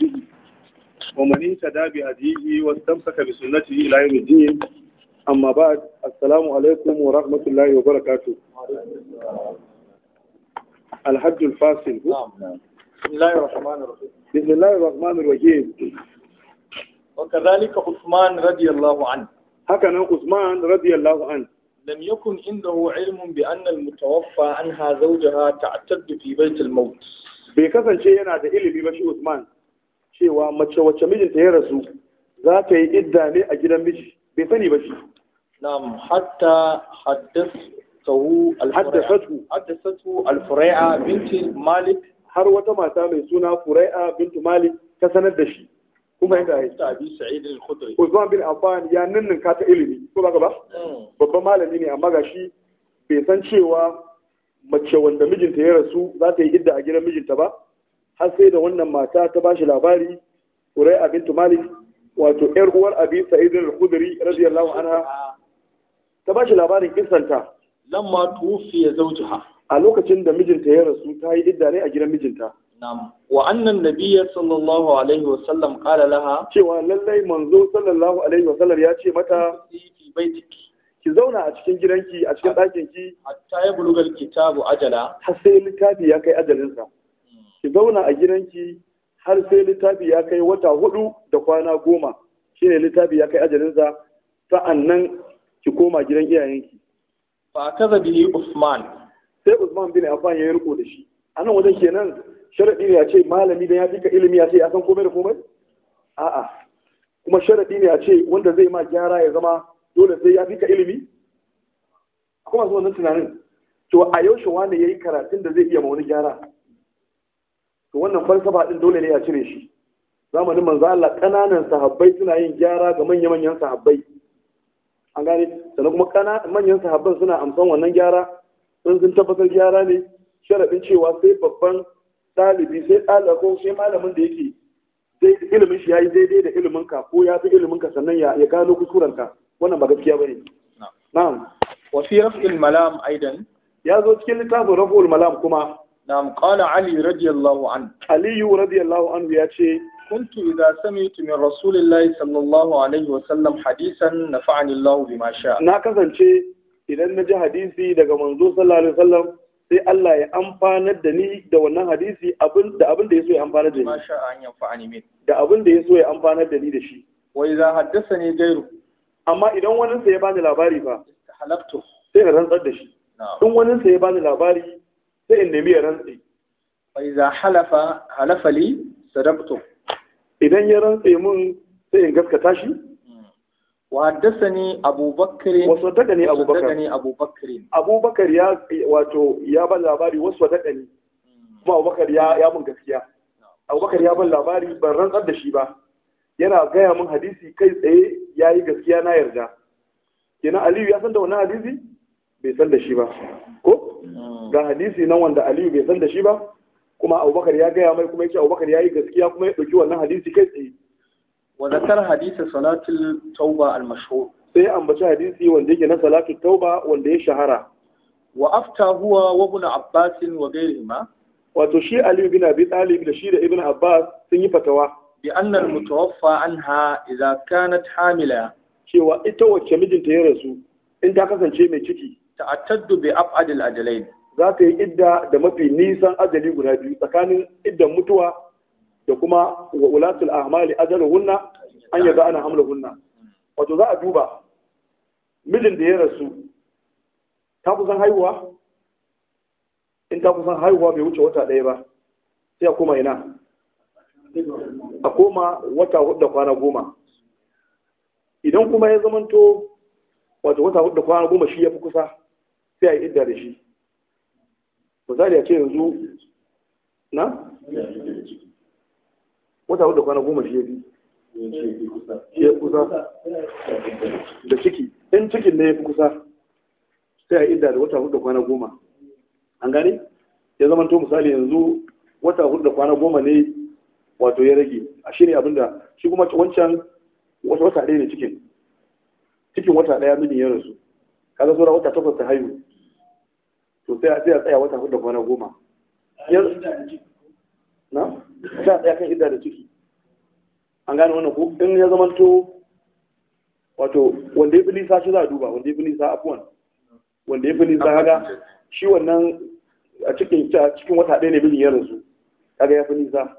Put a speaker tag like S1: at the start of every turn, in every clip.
S1: به ومن اهتدى بهديه واستمسك بسنته الى يوم الدين اما بعد السلام عليكم ورحمه الله وبركاته الحج الفاصل بسم الله الرحمن الرحيم بسم الله الرحمن الرحيم وكذلك عثمان رضي الله عنه هكذا عثمان رضي الله عنه لم يكن عنده علم بأن المتوفى عنها زوجها تعتد في بيت الموت bai kasance yana da ilimi ba shi Usman cewa mace wacce mijinta ya rasu za ta yi idda ne a gidan miji bai sani ba shi na'am hatta haddathu alhaddasatu haddathatu binti malik har wata mata mai suna furai'a binti malik ta sanar da shi kuma yadda ya ta abi sa'id al-khudri Usman bin Affan ya ninninka kata ilimi ko baka ba mm. babban malami ne amma gashi bai san cewa mace wanda mijinta ya rasu za ta yi idda a gidan mijinta ba an sai da wannan mata ta ba shi labari turai abin tumali wato yar uwar abi sa'idin al-khudri radiyallahu anha ta ba shi labarin kisanta lamma tufiya zawjaha a lokacin da mijinta ya rasu ta yi idda ne a gidan mijinta na'am wa annan nabiyya sallallahu alaihi wa sallam qala laha cewa lallai manzo sallallahu alaihi wa sallam ya ce mata fi baitiki ki zauna a cikin gidanki a cikin ɗakin ki hatta ya bulugal kitabu ajala har sai littafi ya kai ajalinsa ki zauna a gidanki har sai littafi ya kai wata hudu da kwana goma shine littafi ya kai ajalinsa nan ki koma gidan iyayenki fa kaza bihi Usman sai Usman bin Affan ya riko da shi anan wajen kenan sharaɗi ne a ce malami da ya fika ilimi ya ce ya san komai da komai a'a kuma sharaɗi ne a ce wanda zai ma gyara ya zama dole sai ya fika ilimi akwai masu wannan tunanin to a yaushe wani yi karatun da zai iya ma wani gyara to wannan falsafa din dole ne a cire shi zamanin manzo Allah kananan sahabbai suna yin gyara ga manya-manyan sahabbai an gane sannan kuma manyan sahabban suna amsan wannan gyara sun sun tabbatar gyara ne sharaɗin cewa sai babban ɗalibi sai ko sai malamin da yake ilimin shi ya yi daidai da ilimin ka ko ya fi ilimin ka sannan ya gano kusuran ka wannan ba gaskiya ba ne na'am wa fi raf'il malam aidan ya zo cikin littafin raf'ul malam kuma نعم قال علي رضي الله عنه علي رضي الله عنه ياتي كنت إذا سمعت من رسول الله صلى الله عليه وسلم حديثا نفعني الله بما شاء نا kasance idan ji hadisi daga manzo sallallahu alaihi wasallam sai Allah ya amfanar da ni da wannan hadisi abin da abin da yaso ya amfanar da ni masha an yanfa'ani min da abin da yaso ya amfanar da ni da shi wa idza haddathani gairu amma idan wani sai ya bani labari fa halaftu sai na rantsar da shi in wani sa ya bani labari sai in nemi ya rantsi fa za halafa halafa li idan ya rantsi mun sai in gaskata shi hmm. wa haddasa Abu Abubakar? wa saddaqani Abu Abubakar. Abubakar abubakar ya wato ya ban labari wa saddaqani hmm. kuma Abubakar ya ya mun gaskiya hmm. Abubakar ya ban labari ban rantsar da shi ba yana gaya mun hadisi kai tsaye ya yi gaskiya na yarda kenan Aliyu ya san da wannan hadisi bai san da shi ba ko ga hadisi nan wanda aliyu bai san da shi ba kuma abubakar ya gaya mai kuma ya ce abubakar ya yi gaskiya kuma ya ɗauki wannan hadisi kai tsaye wa zakar hadisi salatul tauba al-mashhur sai ambaci hadisi wanda yake na salatul tauba wanda ya shahara wa afta huwa wa ibn abbas wa ghayrihima wato shi aliyu bin abi talib da shi da ibn abbas sun yi fatawa bi anna mutawaffa anha idza kanat hamila cewa ita wacce mijinta ya rasu in ta kasance mai ciki ta'attadu bi ab'adil ajalain za ta yi idda da mafi nisan ajali guda biyu tsakanin iddan mutuwa da kuma wa ulatul ahmali hunna an yaga ana hunna wato za a duba mijin da ya rasu ta kusan haihuwa in ta kusan haihuwa bai wuce wata ɗaya ba sai a koma ina a koma wata hudu da kwana goma idan kuma ya zamanto wato wata hudu da kwana goma shi ya fi kusa sai a yi idda da shi misali a ce yanzu na wata wadda kwana goma shi ya bi shi ya kusa da ciki in cikin ne ya fi kusa sai a idda da wata hudu kwana goma an gane ya zama to misali yanzu wata hudu kwana goma ne wato ya rage a shi ne abinda shi kuma wancan wata wata ɗaya ne cikin cikin wata ɗaya mini ya rasu kaga saura wata takwas ta haihu to sai a tsaya wata hudu kwana goma na sai a tsaya kan idda da ciki an gane wannan ko in ya zamanto wato wanda ya fi nisa shi za a duba wanda ya fi nisa afuwan wanda ya fi nisa haga shi wannan a cikin cikin wata ɗaya ne bin ya rasu kaga ya fi nisa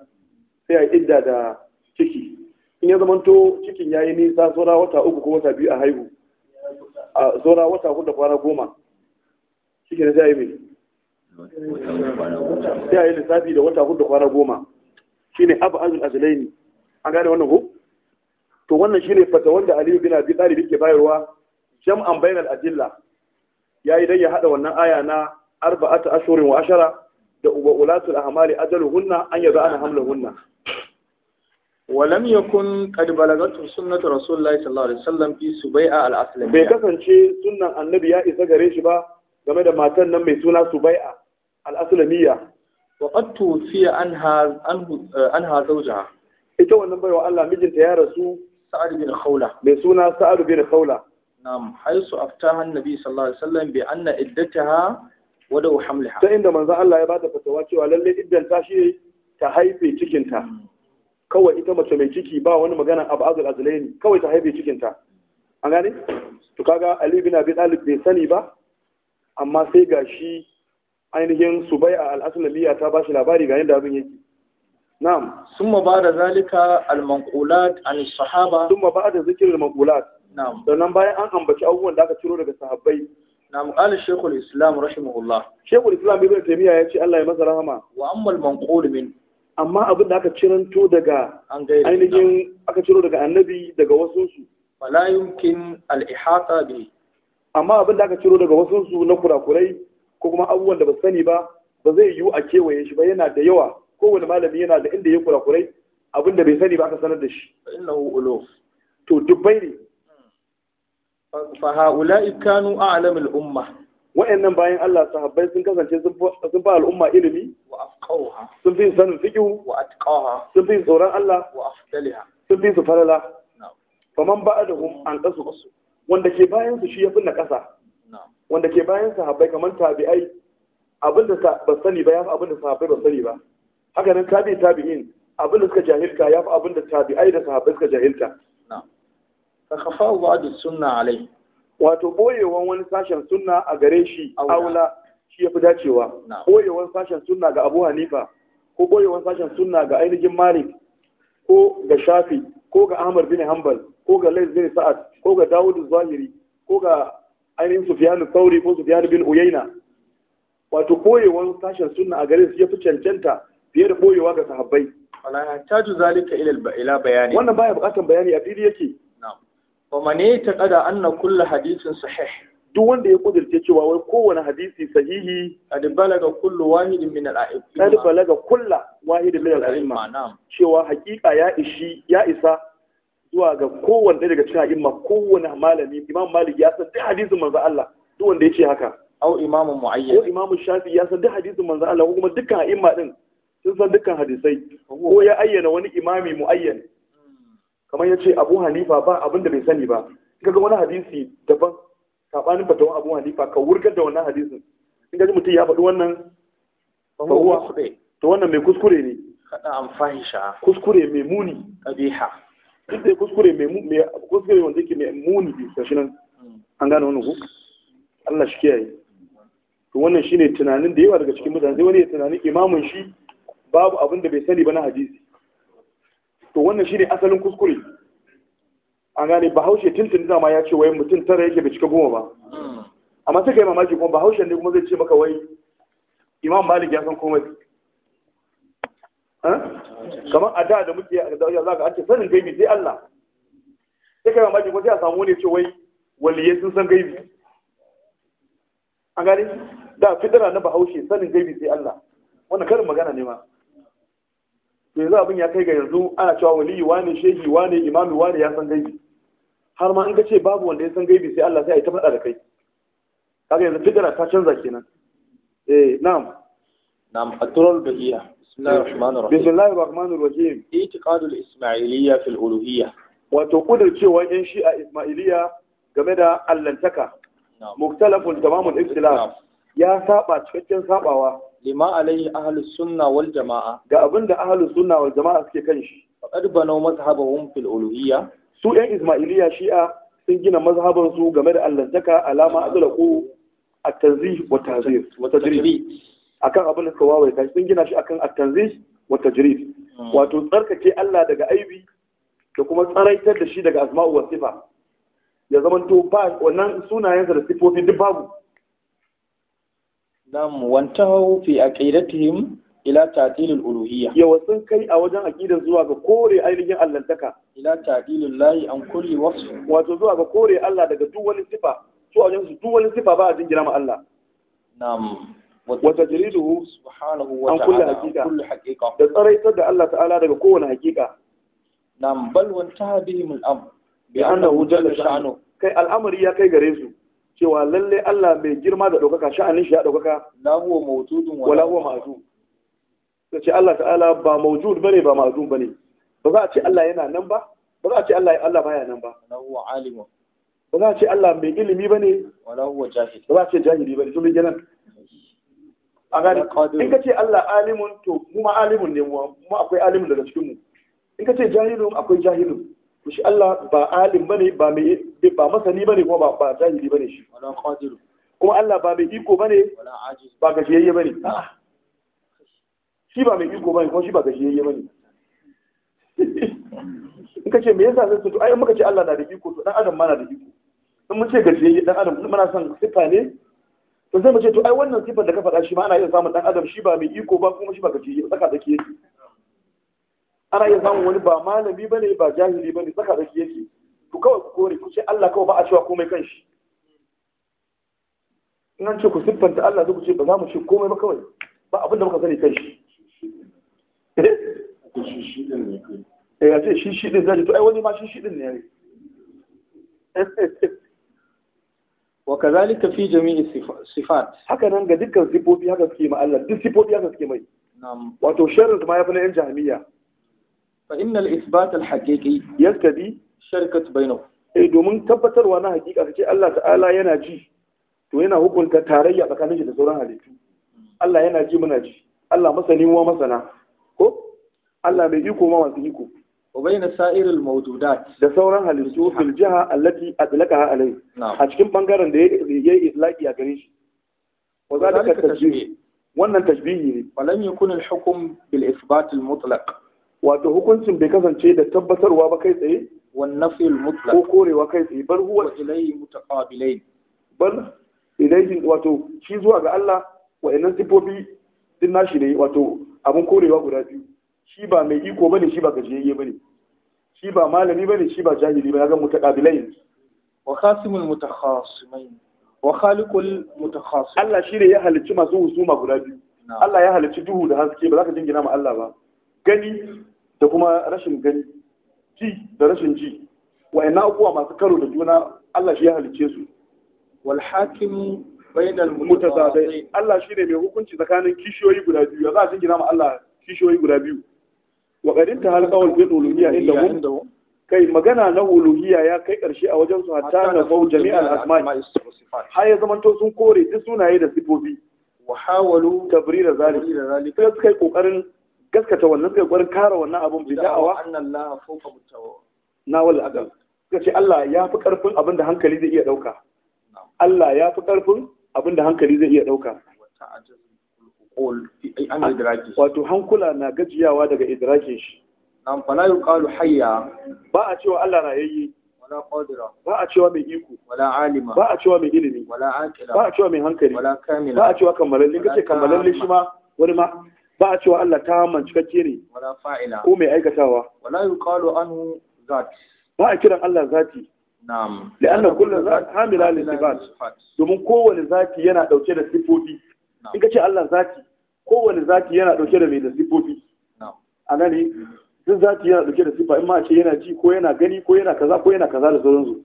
S1: sai a yi idda da ciki in ya zamanto cikin ya yi nisa saura wata uku ko wata biyu a haihu a saura wata hudu kwana goma shi ne zai mai sai a yi lissafi da wata hudu da kwana goma shi ne abu azul azulai ne an gane wannan ko to wannan shi ne fata wanda aliyu bin abi talib yake bayarwa jam'an bainal adilla yi dan ya hada wannan aya na Arba'atu ashhurin wa ashara da uba ulatul ahmali ajaluhunna an yaza ana hamlahunna ولم يكن قد بلغته سنة رسول الله صلى الله عليه وسلم في سبيعة
S2: الأسلمية. بكثن
S1: شيء سنة النبي يا إذا قريش بقى game da matan nan mai suna Subai'a al-Aslamiyya wa qad tufiya anha eh, anha zawjaha ita wannan baiwa Allah mijinta ya rasu Sa'ad bin Khawla mai suna Sa'ad bin Khawla na'am haisu aftaha annabi sallallahu alaihi wasallam bi anna iddataha wa daw hamlaha ta inda manzo Allah ya bata fatawa cewa lalle iddan ta shi ta haife cikinta, hmm. kawai ita mace mai ciki ba wani magana abu azul azulaini kawai ta haife cikinta. ta an gane to kaga Ali bin Abi Talib bai sani ba amma sai gashi, shi ainihin su bai a al'asunaliya ta ba shi labari ga yadda abin yake na'am sun ma zalika al-manqulat an sahaba sun ma ba da zikir al-manqulat na'am bayan an ambaci abubuwan da aka ciro daga sahabbai na'am qala shaykhul islam rahimahullah shaykhul islam ibn taymiya yace Allah ya masa rahama wa amma al min amma abin da aka ciranto daga
S2: ainihin
S1: aka ciro daga annabi daga wasu su
S2: fala yumkin
S1: al-ihata bihi amma abin da aka ciro daga wasu su na kurakurai ko kuma abubuwan da ba sani ba ba zai yiwu a kewaye shi ba yana da yawa kowane malami yana da inda ya kurakurai abin da bai sani ba aka sanar da shi innahu uluf to dubbai ne fa haula'i kanu a'lam al-umma wa'annan bayan Allah sahabbai sun kasance sun ba al'umma ilimi wa afqaha sun fi sanin fiqhu wa atqaha sun fi tsoron Allah wa afdaliha sun fi su falala man ba'adhum an qasu wanda ke bayan su shi ya na ƙasa wanda ke bayan sahabbai kamar tabi'ai abin da ba sani ba ya fi abin da sahabbai ba sani ba haka nan tabi tabi'in abin da suka jahilta ya fi abin da tabi'ai da sahabbai suka jahilta ka kafa da sunna alai wato boyewan wani sashen sunna a gare shi aula shi ya fi dacewa boyewan sashen sunna ga Abu Hanifa ko boyewan sashen sunna ga ainihin Malik ko ga Shafi ko ga Ahmad bin Hanbal ko ga Lais bin Sa'ad ko ga Dawud Zahiri ko ga ainihin Sufyan Thauri ko Sufyan bin Uyayna wato koyewan sashen sunna a garin su ya fi cancanta fiye da koyewa ga sahabbai wala taju zalika ila bayani wannan baya bukatan bayani a fili yake na'am wa man yataqada anna kullu hadithin sahih duk wanda ya kudirce cewa wai kowane hadisi sahihi qad balaga kullu wahidin min al-a'imma qad balaga kullu wahidin min al-a'imma cewa hakika ya ishi ya isa zuwa ga kowanne daga cikin a'imma kowanne malami imam malik ya san duk hadisin manzo Allah duk wanda yace haka au imamu mu'ayyan ko imamu shafi ya san duk hadisin manzo Allah ko kuma dukkan a'imma din sun san dukkan hadisai ko ya ayyana wani imami mu'ayyan kamar yace Abu Hanifa ba abin da bai sani ba kaga wani hadisi daban sabanin fatawa Abu Hanifa ka wurgar da wannan hadisin in ga mutum ya faɗi wannan to wannan mai kuskure ne kada amfani fahisha kuskure mai muni qabiha duk da kuskure mai kuskure wanda yake mai muni bi gashi nan an gane wani ku Allah shi kiyaye to wannan shine tunanin da yawa daga cikin mutane sai wani ya tunanin imamin shi babu abin da bai sani ba na hadisi to wannan shine asalin kuskure an gane bahaushe tuntun dama ya ce wai mutum tara yake bai cika goma ba hmm. amma sai kai mamaki kuma bahaushe ne kuma zai ce maka wai imam malik ya san komai Eh? kamar a da da muke da ya zaka ake sanin gaibi sai Allah sai kai mamaki ko sai a samu ne ce wai waliyai sun san gaibi an gani da fitira na bahaushe sanin gaibi sai Allah wannan karin magana ne ma to yanzu abin ya kai ga yanzu ana cewa waliyi wane shehi wane imami wane ya san gaibi har ma in ka ce babu wanda ya san gaibi sai Allah sai a yi ta faɗa da kai kaga yanzu fitira ta canza kenan eh na'am نعم الدرر البهية
S2: بسم الله الرحمن الرحيم بسم
S1: الله الرحمن الرحيم اعتقاد الإسماعيلية في الألوهية وتقول cewa yan shi'a Ismailiyya game da allantaka muktalafun tamamul ikhtilaf ya saba cikakken sabawa lima alaihi ahlus sunna wal jamaa ga abinda ahlus sunna wal jamaa suke kan shi faqad banaw mazhabahum fil uluhiyya su yan Ismailiyya shi'a sun gina mazhaban su game da allantaka alama azlaqu at-tanzih wa tazir wa tadrib akan abin da suka wawaita sun gina shi akan at-tanzih wa tajrid hmm. wato tsarkake Allah daga aibi da kuma tsaraitar da shi daga asma'u wa sifa ya to ba wannan sunayensa da sifofi duk babu nam wantahu fi aqidatihim ila al uluhiyya yawa sun kai a wajen aqidar zuwa ga kore ainihin allantaka ila ta'dilil lahi an kulli wasf wato zuwa ga kore Allah daga duk wani sifa su a wajen su duk wani sifa ba a jingira ma Allah nam wata jiriduhu an kulle hakika da tsaraitar da Allah ta'ala daga kowane hakika nam bal wan tahabihim al-amr bi annahu jalla sha'nu kai al'amari ya kai gare su cewa lalle Allah mai girma da ɗaukaka sha'anin shi ya ɗaukaka la huwa mawjudun wala huwa ma'zum ce Allah ta'ala ba mawjud bane ba ma'zum bane ba za a ce Allah yana nan ba ba za a ce Allah Allah baya nan ba
S2: la huwa alimun
S1: ba za a ce Allah mai ilimi bane wala huwa jahil ba za a ce jahili bane to me kenan a gani in ka ce Allah alimun to mu ma alimun ne mu mu akwai alimun daga cikin mu in ka ce jahilun akwai jahilun to shi Allah ba alim bane ba mai ba masani bane kuma ba ba jahili bane shi wala qadir kuma Allah ba mai iko bane wala ajiz ba gajiyayye bane shi ba mai iko bane kuma shi ba gajiyayye bane in ka ce me yasa sai to ai muka ce Allah na da iko to dan adam ma na da iko in mun ce gajiyayye dan adam muna son sifa ne to sai mace to ai wannan sifar da ka faɗa shi ma ana iya samun dan adam shi ba mai iko ba kuma shi ba gaci tsaka tsaki yake ana iya samun wani ba malami bane ba jahili bane tsaka tsaki yake to kawai ku kore ku ce Allah kawai ba a cewa komai kan shi nan ce ku siffanta Allah zai ku ce ba za mu ce komai ba kawai ba abin da muka sani kan shi eh ya ce shi shi din zai to ai wani ma shi shi din ne wa kazalika fi jami'i sifat haka nan ga dukkan sifofi haka suke ma Allah duk sifofi haka suke mai wato sharrin ma ya fi na yan jahmiya fa innal isbat al haqiqi yastabi sharkat bainahu eh domin tabbatarwa na hakika kace Allah ta'ala yana ji to yana hukunta tarayya tsakanin shi da sauran halittu Allah yana ji muna ji Allah masani wa masana ko Allah mai iko ma masu iko وبين سائر الموجودات da sauran halittu fil jiha allati atlaqaha alayhi a cikin bangaren da yayi itlaqi a gare shi wa zalika tashbih wannan tashbihi ne falam yakun al hukm bil isbat al wato hukuncin bai kasance da tabbatarwa ba kai tsaye wan nafi ko korewa kai tsaye bar huwa ilayhi mutaqabilain bar ilayhi wato shi zuwa ga Allah wa'annan sifofi din nashi ne wato abun korewa guda biyu shi ba mai iko bane shi ba gajiyayye bane shi ba malami bane shi ba jahili ba ga mutaqabilain wa khasimul mutakhasimain wa khaliqul mutakhasim Allah shi ne ya halicci masu husuma guda biyu Allah ya halicci duhu da haske ba za ka jingina ma Allah ba gani da kuma rashin gani ji da rashin ji Wa wa'annan abubuwa masu karo da juna Allah shi ya halicce su wal hakim bainal mutazabin Allah shi ne mai hukunci tsakanin kishiyoyi guda biyu ya za ka jingina ma Allah kishiyoyi guda biyu wa qadin ta hal qawl bil uluhiyya inda hum kai magana na uluhiyya ya kai ƙarshe a wajen su hatta na fau jami'al asma'i har ya zamanto sun kore duk sunaye da sifobi. wa hawalu tabrira zalik sai suka yi kokarin gaskata wannan suka yi kokarin wannan abun bi da'awa annallaha fawqa mutawa na wal aqal suka ce Allah ya fi ƙarfin abin da hankali zai iya ɗauka. Allah ya fi karfin abin da hankali zai iya dauka idraki wato hankula na gajiyawa daga idrakin shi nan fala yuqalu hayya ba a cewa Allah rayayye wala qadira ba a cewa mai iko wala alima ba a cewa mai ilimi wala aqila ba a cewa mai hankali wala kamila ba a cewa kammalalle kace kammalalle shi ma wani ma ba a cewa Allah ta man cikakke ne wala fa'ila ko mai aikatawa wala yuqalu anhu zat ba a kiran Allah zati na'am li'anna kullu zat hamila lil sifat domin kowane zati yana dauke da sifofi in ka ce Allah zaki. kowane zaki yana dauke da mai da sifofi a gani duk zaki yana dauke da sifa in ma ce yana ji ko yana gani ko yana kaza ko yana kaza da sauransu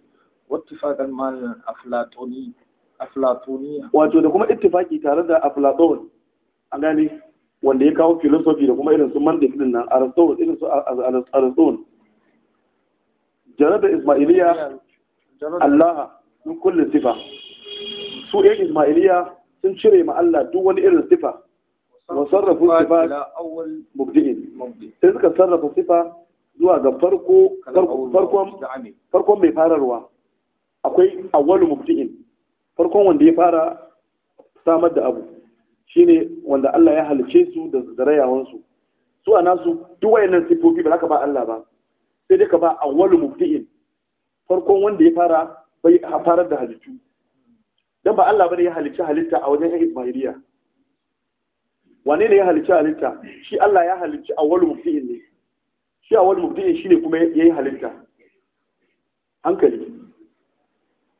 S1: wattifaqan
S2: mal aflatoni aflatoniya wato da
S1: kuma ittifaki tare da aflatoni a gani wanda ya kawo philosophy da kuma irin su mandik din nan aristotle irin su aristotle jarada ismailiya allaha min kulli sifa su ɗan ismailiya sun cire ma Allah duk wani irin sifa wa sarrafu sifa sai suka sarrafa sifa zuwa ga farko farkon mai fararwa akwai awwalu mubdi'in farkon wanda ya fara samar da abu shine wanda Allah ya halice su da zarayawan su su a nasu duk wayannan sifofi ba za ka ba Allah ba sai dai ka ba awwalu mubdi'in farkon wanda ya fara bai farar da halittu dan ba Allah bane ya halicci halitta a wajen ƴan Ismailiya wane ne ya halicci halitta shi Allah ya halicci awwal mubdi'in ne shi awwal mubdi'in shine kuma yayi halitta hankali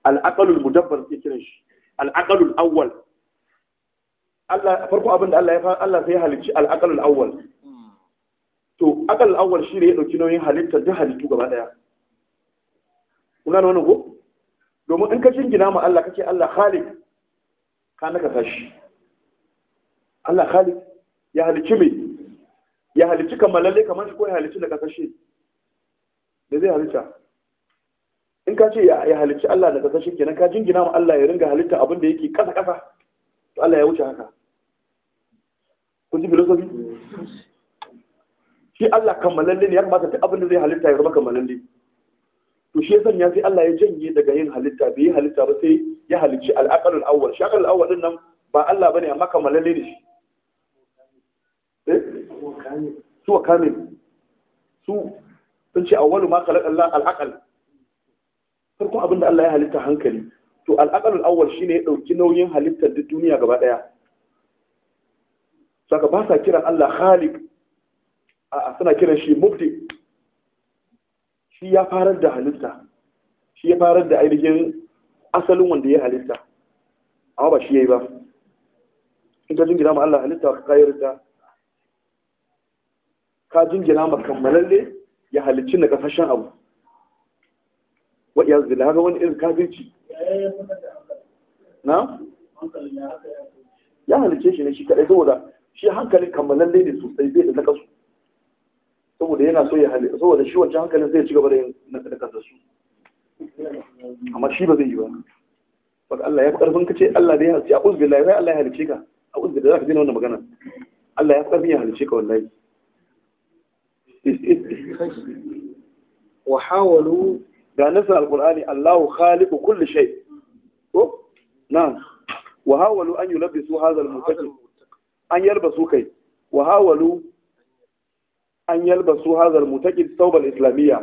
S1: al al mudabbar ke kiran shi al awwal Allah farko abinda Allah ya fara Allah sai ya halicci al al awwal to al awwal shine ya dauki nauyin halitta duk halittu gaba daya kuna wannan ko domin in ka jingina ma Allah kake Allah Khalik ka naka tashi Allah Khalik ya halici me? ya halici kammalalle kamar shi ko ya halici daga kashe da zai halitta in ka ce ya halici Allah daga kashe kenan ka jingina ma Allah ya ringa halitta abin da yake kasa kasa to Allah ya wuce haka kun ji filosofi shi Allah kammalalle ne ya kamata duk abin da zai halitta ya zama kammalalle to shi zan ya sai Allah ya janye daga yin halitta bai yi halitta ba sai ya halicci al'aqal al-awwal shi aqal al-awwal din nan ba Allah bane amma kamalalle ne shi eh? su wa kamil su sun ce awwalu ma khalaqa Allah al-aqal farkon abinda Allah ya halitta hankali to al-aqal al-awwal shine ya dauki nauyin halittar duk duniya gaba daya saka ba sa kiran Allah khaliq a suna kiran shi mubdi shi ya farar da halitta shi ya farar da ainihin asalin wanda ya halitta amma ba shi ya yi ba in ka jingina ma Allah halitta ka kayar da ka jingina ma kammalalle ya halicci na kafashen abu wa zila haka wani irin kafirci na ya halicce shi ne shi kaɗai saboda shi hankalin kammalalle ne sosai bai da nakasu saboda yana so ya hali saboda shi wancan hankalin zai ci gaba da yin kasar su amma shi ba zai yi ba Wata Allah ya fi karfin kace Allah da ya halice a uzbi lai Allah ya halice ka a uzbi da za ka zina wannan magana Allah ya fi karfin ya halice ka wallahi wa hawalu ga nasar alqur'ani Allahu khaliqu kulli shay ko na'am wa hawalu an yulabbisu hadha al-mutakallif an yarbasu kai wa hawalu an yalbasu hazal mutaqid saubal islamiyya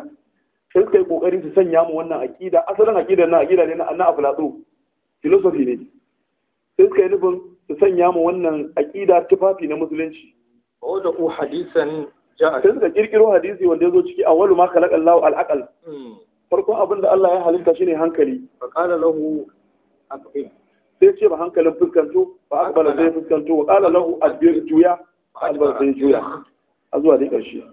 S1: sai kai kokarin su sanya mu wannan aqida asalin aqidar na aqida ne na aflatu philosophy ne sai kai nufin su sanya mu wannan aqida tufafi na musulunci
S2: wa da ku hadisan
S1: ja'a sai ka kirkiro hadisi wanda yazo ciki awwalu ma khalaqa Allahu al-aqal hmm. farkon abin da Allah ya halitta shine hankali fa qala lahu aqbil sai ce ba hankalin fuskanto ba aqbala sai fuskanto wa qala lahu adbir juya adbala sai juya A zuwa dai ƙarshe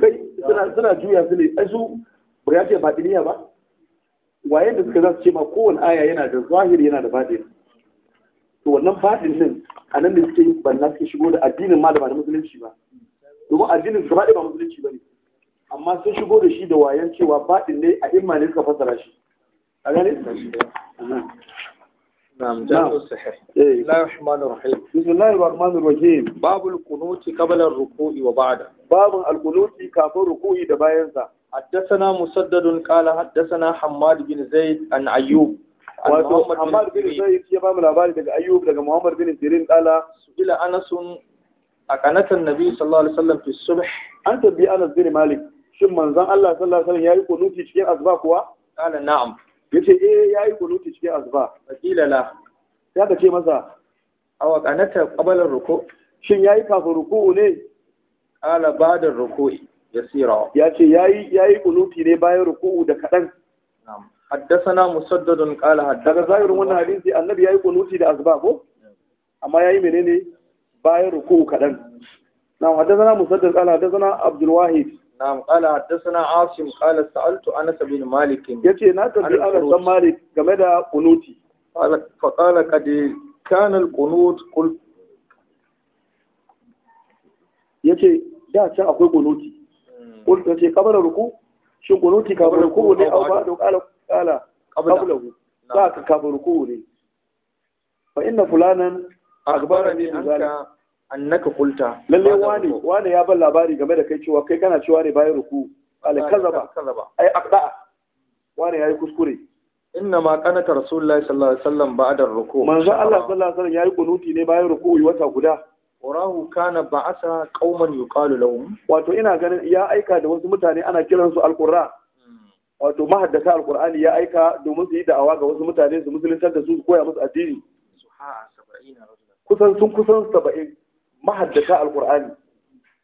S1: Kai suna juya su ne ai su ba ya ce batiniya ba wayan da suka za su ce ma kowane aya yana da zahiri yana da batin to wannan batin nan, a nan da suke yin banna suke shigo da addinin ma da ba da musulunci ba domin addinin gaba ɗaya ba musulunci ba ne amma sun shigo da shi da wayan cewa batin ne a imma ne suka fassara shi a gane? نعم جامع صحيح بسم الله الرحمن الرحيم بسم الله الرحمن الرحيم باب القنوت قبل الركوع وبعده باب القنوت كافر ركوع دباينسا حدثنا مسدد قال حدثنا حماد بن زيد عن ايوب wato Muhammad bin Zaid ya ba mu labari daga Ayyub daga Muhammad bin Sirin kala ila Anas a kanatan Nabi sallallahu alaihi wasallam fi subh an tabi Anas bin Malik shin manzon Allah sallallahu alaihi wasallam yayi cikin azba kuwa na'am yace eh yayi kunuti cikin azba qila la sai ka ce masa awa qanata qabala ruku shin yayi kafin ruku ne qala ya ruku'i yasira yace yayi yayi kunuti ne bayan ruku da kadan haddasana haddathana musaddadun qala haddathana zahirin wannan hadisi annabi yayi kunuti da azba ko amma yayi menene bayan ruku'u kadan na haddasana musaddad qala haddasana abdul wahid نعم قال حدثنا عاصم قال سألت أنس بن مالك يتي ناكد أنس بن مالك جمدا قنوتي قال فقال قد كان القنوت قلت yace da ta akwai kunuti kul ta ce kabar ruku shi kunuti kabar ruku ne au ba da kala kala qablahu ba ka kabar ruku ne fa inna fulanan akhbarani annaka kulta lalle wani wani ya ban labari game da kai cewa kai kana cewa ne bayan ruku al kazaba ai aqda wani yayi kuskure inna ma qanata rasulullahi sallallahu alaihi wasallam ba'da ruku manzo Allah sallallahu alaihi wasallam yayi kunuti ne bayan ruku wata guda warahu kana ba'asa qauman yuqalu lahum wato ina ganin ya aika da wasu mutane ana kiransu alqurra hmm. wato mahaddasa alqur'ani ya aika domin su yi da'awa ga wasu mutane su musulunta da su koya musu addini kusan sun kusan saba'in mahaddata alkur'ani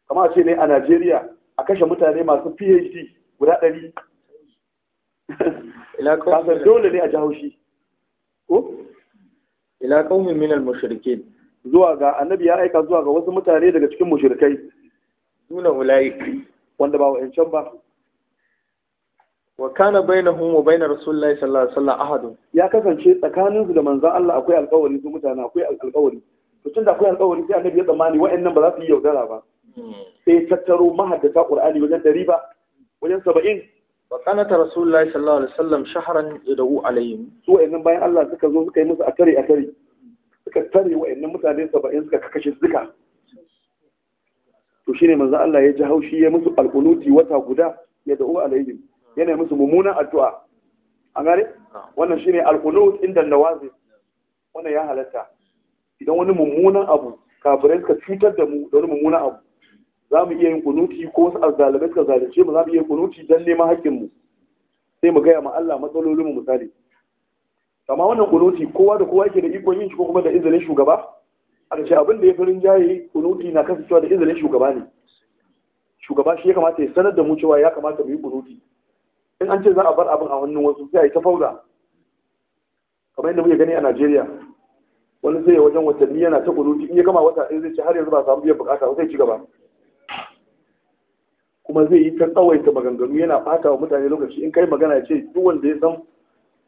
S1: kama ce ne a najeriya a kashe mutane masu phd guda ɗari kasar dole ne a ji haushi ko ila qaumin minal al zuwa ga annabi ya aika zuwa ga wasu mutane daga cikin mashirikai.
S2: Nuna wulayi
S1: wanda ba wa'ancan ba wa kana bainahum wa bain rasulullahi sallallahu alaihi wasallam ahadun ya kasance tsakaninsu da manzon Allah akwai alƙawari su mutane akwai alƙawari to tun da akwai alƙawari sai annabi ya tsammani wa'annan ba za su yi yaudara ba sai tattaro mahaddata qur'ani wajen dari ba wajen saba'in wa ta rasulullahi sallallahu alaihi wasallam shahran yad'u alaihim su wa'annan bayan Allah suka zo suka yi musu akari akari suka tare wa'annan mutane saba'in suka kakashe duka to shine manzo Allah ya ji haushi ya musu alqunuti wata guda ya da'u alaihim yana musu mummunan addu'a an gare wannan shine alqunut inda nawazi wannan ya halatta idan wani mummunan abu kafirai suka cutar da mu da wani mummunan abu za mu iya yin kunuti ko wasu azzalamai suka zalunce mu za mu iya yin kunuti don neman haƙƙin mu sai mu gaya ma Allah matsalolin mu misali amma wannan kunuti kowa da kowa yake da ikon yin shi ko kuma da izinin shugaba a ƙarshe abin da ya fi rinjaye kunuti na kasancewa da izinin shugaba ne shugaba shi ya kamata ya sanar da mu cewa ya kamata mu yi kunuti in an ce za a bar abin a hannun wasu sai a yi ta fauda kamar yadda muke gani a Najeriya wani zai wajen watanni yana ta kunuti in ya gama wata ɗaya zai ce har yanzu ba samu biyan bukata ba zai ci gaba kuma zai yi ta tsawaita maganganu yana ɓata wa mutane lokaci in kai magana ce duk wanda ya san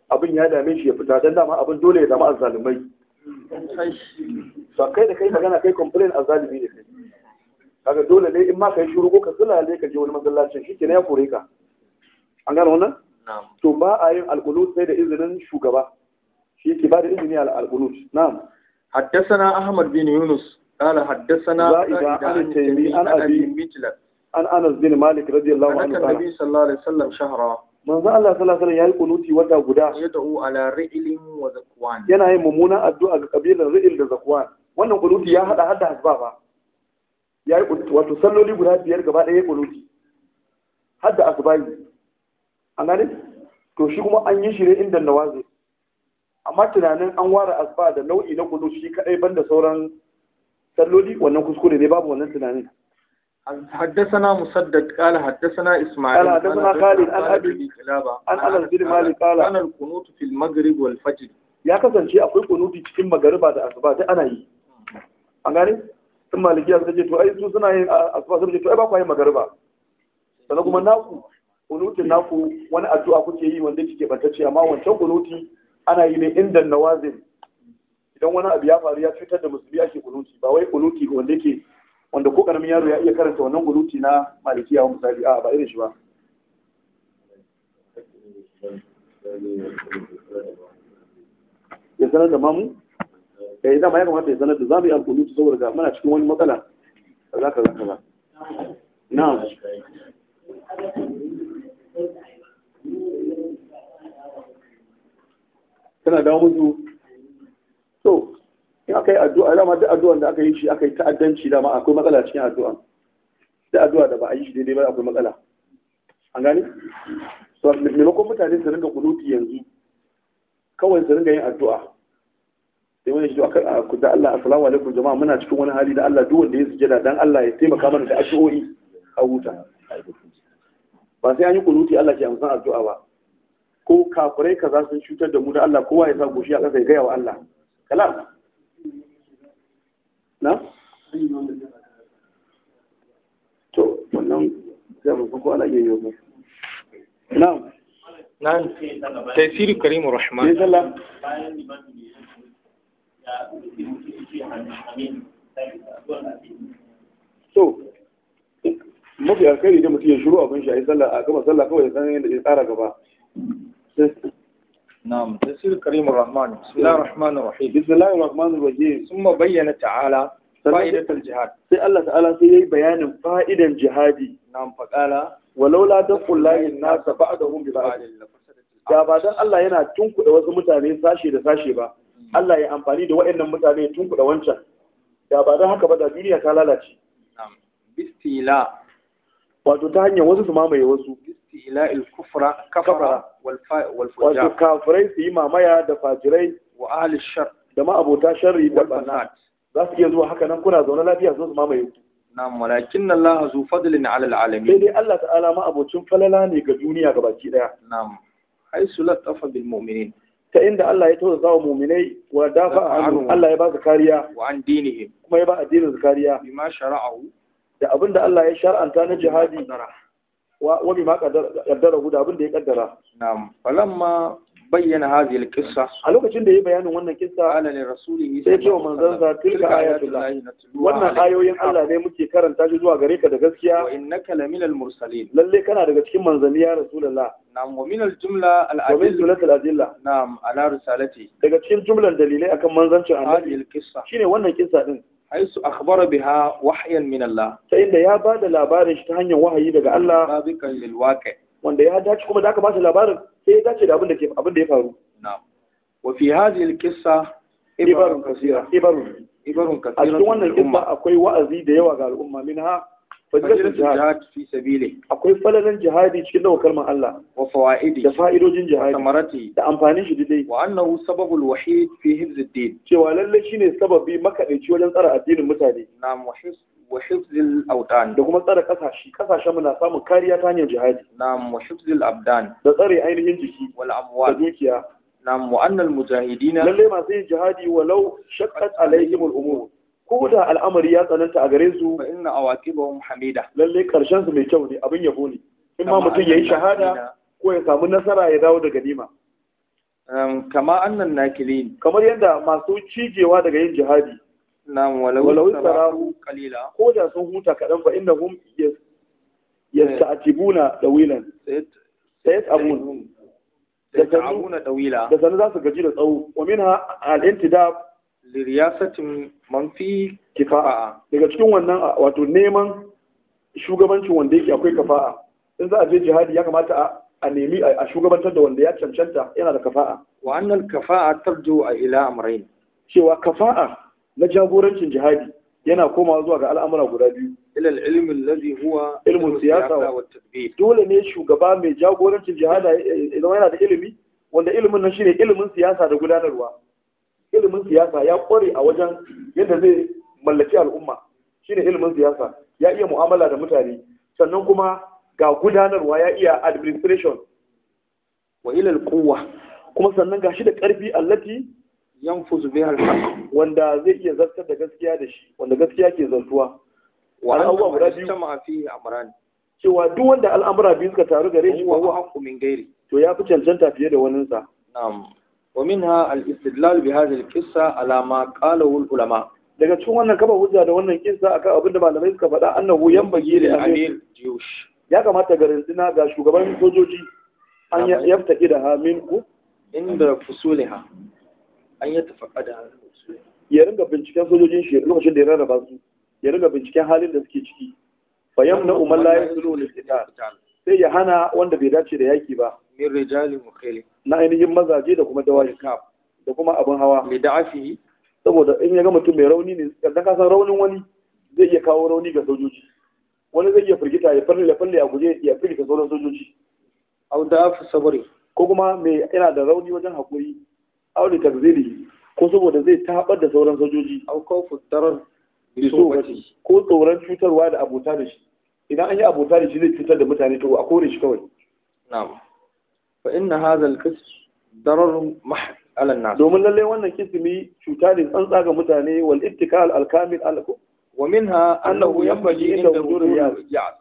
S1: abin ya dame shi ya fita don dama abin dole ya zama azzalumai to kai da kai magana kai complain azzalumi ne kai kaga dole ne in ma kai shuru ko ka sulale ka je wani masallacin shi ke na ya kore ka an gano wannan to ba a yin alkulu sai da izinin shugaba shi yake ba da izini al alqunut na'am haddathana ahmad bin yunus قال حدثنا زائدة عن التيمي عن أبي مثلك عن أنس بن مالك رضي الله عنه قال النبي صلى الله عليه وسلم شهرا من ذا الله صلى الله عليه وسلم يهي ودا غدا يدعو على رئل وزكوان ينا هي ممونا الدعاء قبيل رئل وزكوان wannan kunuti ya hada hada hasba ya yi wato salloli guda biyar gaba ɗaya kunuti hadda asbayi an gane to shi kuma an yi shirin inda nawazi amma tunanin an ware asuba da nau'i na kudu shi kadai banda sauran salloli wannan kuskure ne babu wannan tunanin حدثنا مسدد قال حدثنا اسماعيل قال حدثنا خالد عن ابي عن انس بن مالك قال انا القنوت في المغرب والفجر ya kasance akwai kunuti cikin magariba da asuba sai ana yi an gane sun maliki ya ce to ai su suna yin asuba sun ce to ai ba ku yin magariba sannan kuma naku kunuti naku wani addu'a kuke yi wanda kike bantacce amma wancan kunuti ana yi ne inda nawazin idan wani abu ya faru ya cutar da musulmi ake kunuti ba wai kunuti wanda yake wanda ko karamin yaro ya iya karanta wannan kunuti na malikiya wa misali a ba irin shi ba ya sanar da mamu ya eh, yi dama ya kamata ya sanar da za mu yi alkunuti saboda ga muna cikin wani matsala kaza kaza kaza na'am yana da wuzu to in aka yi addu'a dama duk addu'an da aka yi shi aka yi ta'addanci dama akwai matsala cikin addu'a da addu'a da ba a yi shi daidai ba akwai matsala an gane to maimakon mutane su ringa kunuti yanzu kawai su ringa yin addu'a sai wani shi aka ku da Allah assalamu alaikum jama'a muna cikin wani hali da Allah duk wanda ya sujada dan Allah ya taimaka mana da addu'o'i a huta ba sai an yi kunuti Allah ke amsan addu'a ba ko kafirai kaza sun cutar da mu da Allah kowa ya sa goshi a ƙasa ya gaya wa Allah kalam na to wannan zai rufu ko ana iya yi na
S2: na tafsir karimu rahman ne sallah
S1: so mafi alkhairi da mutum ya shiru abin shi a yi sallah a gama sallah kawai ya san yadda ya tsara gaba نعم تفسير كريم الرحمن بسم الله الرحمن الرحيم بسم الله الرحمن الرحيم ثم بين تعالى فائدة الجهاد سي الله تعالى سي بيان فائدة الجهاد نعم فقال ولولا دفع الله الناس بعدهم ببعض da ba dan Allah yana tunkuɗa wasu mutane sashe da sashe ba Allah ya amfani da waɗannan mutane ya tunkuɗa wancan da ba dan haka ba da duniya ta lalace na'am bistila wato ta hanyar wasu su mamaye wasu istihla'il kufra kafara wal wato kafirai su yi mamaya da fajirai wa ahli shar da ma abota sharri da banat za su iya zuwa haka nan kuna zaune lafiya zo su mamaye ku na'am walakin Allah zu fadlin 'ala al-alamin sai dai Allah ta'ala ma abocin falala ne ga duniya gabaki daya na'am haisu latafa bil mu'minin ta inda Allah ya tausa wa mu'minai wa dafa anhu Allah ya ba su kariya wa an dinihim kuma ya ba addinin su kariya bima shara'u da abin da Allah ya shar'anta na jihadi wa bi ma kaddara guda abin da ya kaddara na'am falamma bayyana hadhihi al a lokacin da ya bayanin wannan kissa ala li rasulihi sai ce wa manzon sa tilka ayatullah wannan ayoyin Allah ne muke karanta shi zuwa gare ka da gaskiya wa innaka la minal mursalin lalle kana daga cikin manzanni ya rasulullah na'am wa minal jumla al-adilla na'am ala risalati daga cikin jumlan dalilai akan manzancin annabi shine wannan kissa din haisu akhbara biha wahyan min Allah matsayin da ya ba da labarin shi ta hanyar wahayi daga Allah wanda ya dace kuma da aka ba shi labarin sai ya dace da abin da ya faru na'am wa fi hadhihi al qissa ibarun kaseera ibarun ibarun kaseera a cikin wannan umma akwai wa'azi da yawa ga al'umma minha fadilatul jihad fi sabili akwai falalan jihadi cikin daukar man Allah wa fawaidi da fa'idojin jihadi samarati da amfanin shi dai wa annahu sababul wahid fi hifz ad-din cewa lalle shine sababi makadaici wajen tsara addinin mutane na'am wa hifz wa hifzil autan. da kuma tsare kasashe kasashe muna na samun kariya ta hanyar jihadi na'am wa hifzil abdan da tsare ainihin jiki wal amwal da dukiya na'am wa annal mujahidina lalle masu yin jihadi walau shaqqat alaihim al umur ko da al'amari ya tsananta a gare su fa inna awaqibahum hamida lalle karshen su mai kyau ne abin yabo ne in ma mutum yayi shahada ko ya samu nasara ya dawo da ganima kama annan nakilin kamar yadda masu cijewa daga yin jihadi Na'am walau sarahu qalila ko da sun huta kaɗan fa innahum yasta'tibuna tawilan sayat abun da tawila da sanin za su gaji da tsawo wa minha al-intidab li riyasatin man fi kifa'a daga cikin wannan wato neman shugabancin wanda yake akwai kafa'a in za a je jihadi ya kamata a nemi a shugabantar da wanda ya cancanta yana da kafa'a wa annal kafa'a tarju ila amrayn cewa kafa'a na jagorancin jihadi yana komawa zuwa ga al'amura guda biyu ilal ilmin lazi huwa ilmin siyasa wa tadbir dole ne shugaba mai jagorancin jihada idan yana da ilimi wanda ilimin nan shine ilimin siyasa da gudanarwa ilimin siyasa ya kware a wajen yadda zai mallaki al'umma shine ilimin siyasa ya iya mu'amala da mutane sannan kuma ga gudanarwa ya iya administration wa ilal kuwa. kuma sannan gashi da karfi allati fuzu biha harka. wanda zai iya zartar da gaskiya da shi wanda gaskiya ke zartuwa wa al'awwa guda biyu fiye a amran cewa duk wanda al'amura biyu suka taru gare shi wa min gairi to ya fi cancanta fiye da wani sa na'am wa minha al-istidlal bi hadhihi al-qissa ala ma ulama daga cikin wannan kaba hujja da wannan kissa akan abin da malamai suka faɗa annahu yanbaghi lil amir jiyush ya kamata garin rinzina ga shugaban sojoji an yaftaki da hamin ku inda fusuliha
S2: an yi tafaka da
S1: ya ringa binciken sojojin shi lokacin da ya rarraba su ya ringa binciken halin da suke ciki Bayan na umar la yasulu ta. sai ya hana wanda bai dace da yaki ba min mukhali na ainihin mazaje da kuma kaf, da kuma abin hawa li da'afi saboda in ya ga mutum mai rauni ne dan ka san raunin wani zai iya kawo rauni ga sojoji wani zai iya firgita ya farle ya a guje ya firgita sauran sojoji au da'afi sabari ko kuma mai yana da rauni wajen haƙuri. auli takzilihi ko saboda zai tabar da sauran sojoji au kawfu tarar bisogati ko tsoron cutarwa da abota da shi idan an yi abota da shi zai cutar da mutane to a kore shi kawai na'am fa inna hadha al-qism darar mahd ala an-nas domin lalle wannan kismi cuta ne tsantsa ga mutane wal ittikal al-kamil al-ku wa minha annahu yanbaghi inda wujudul ya'as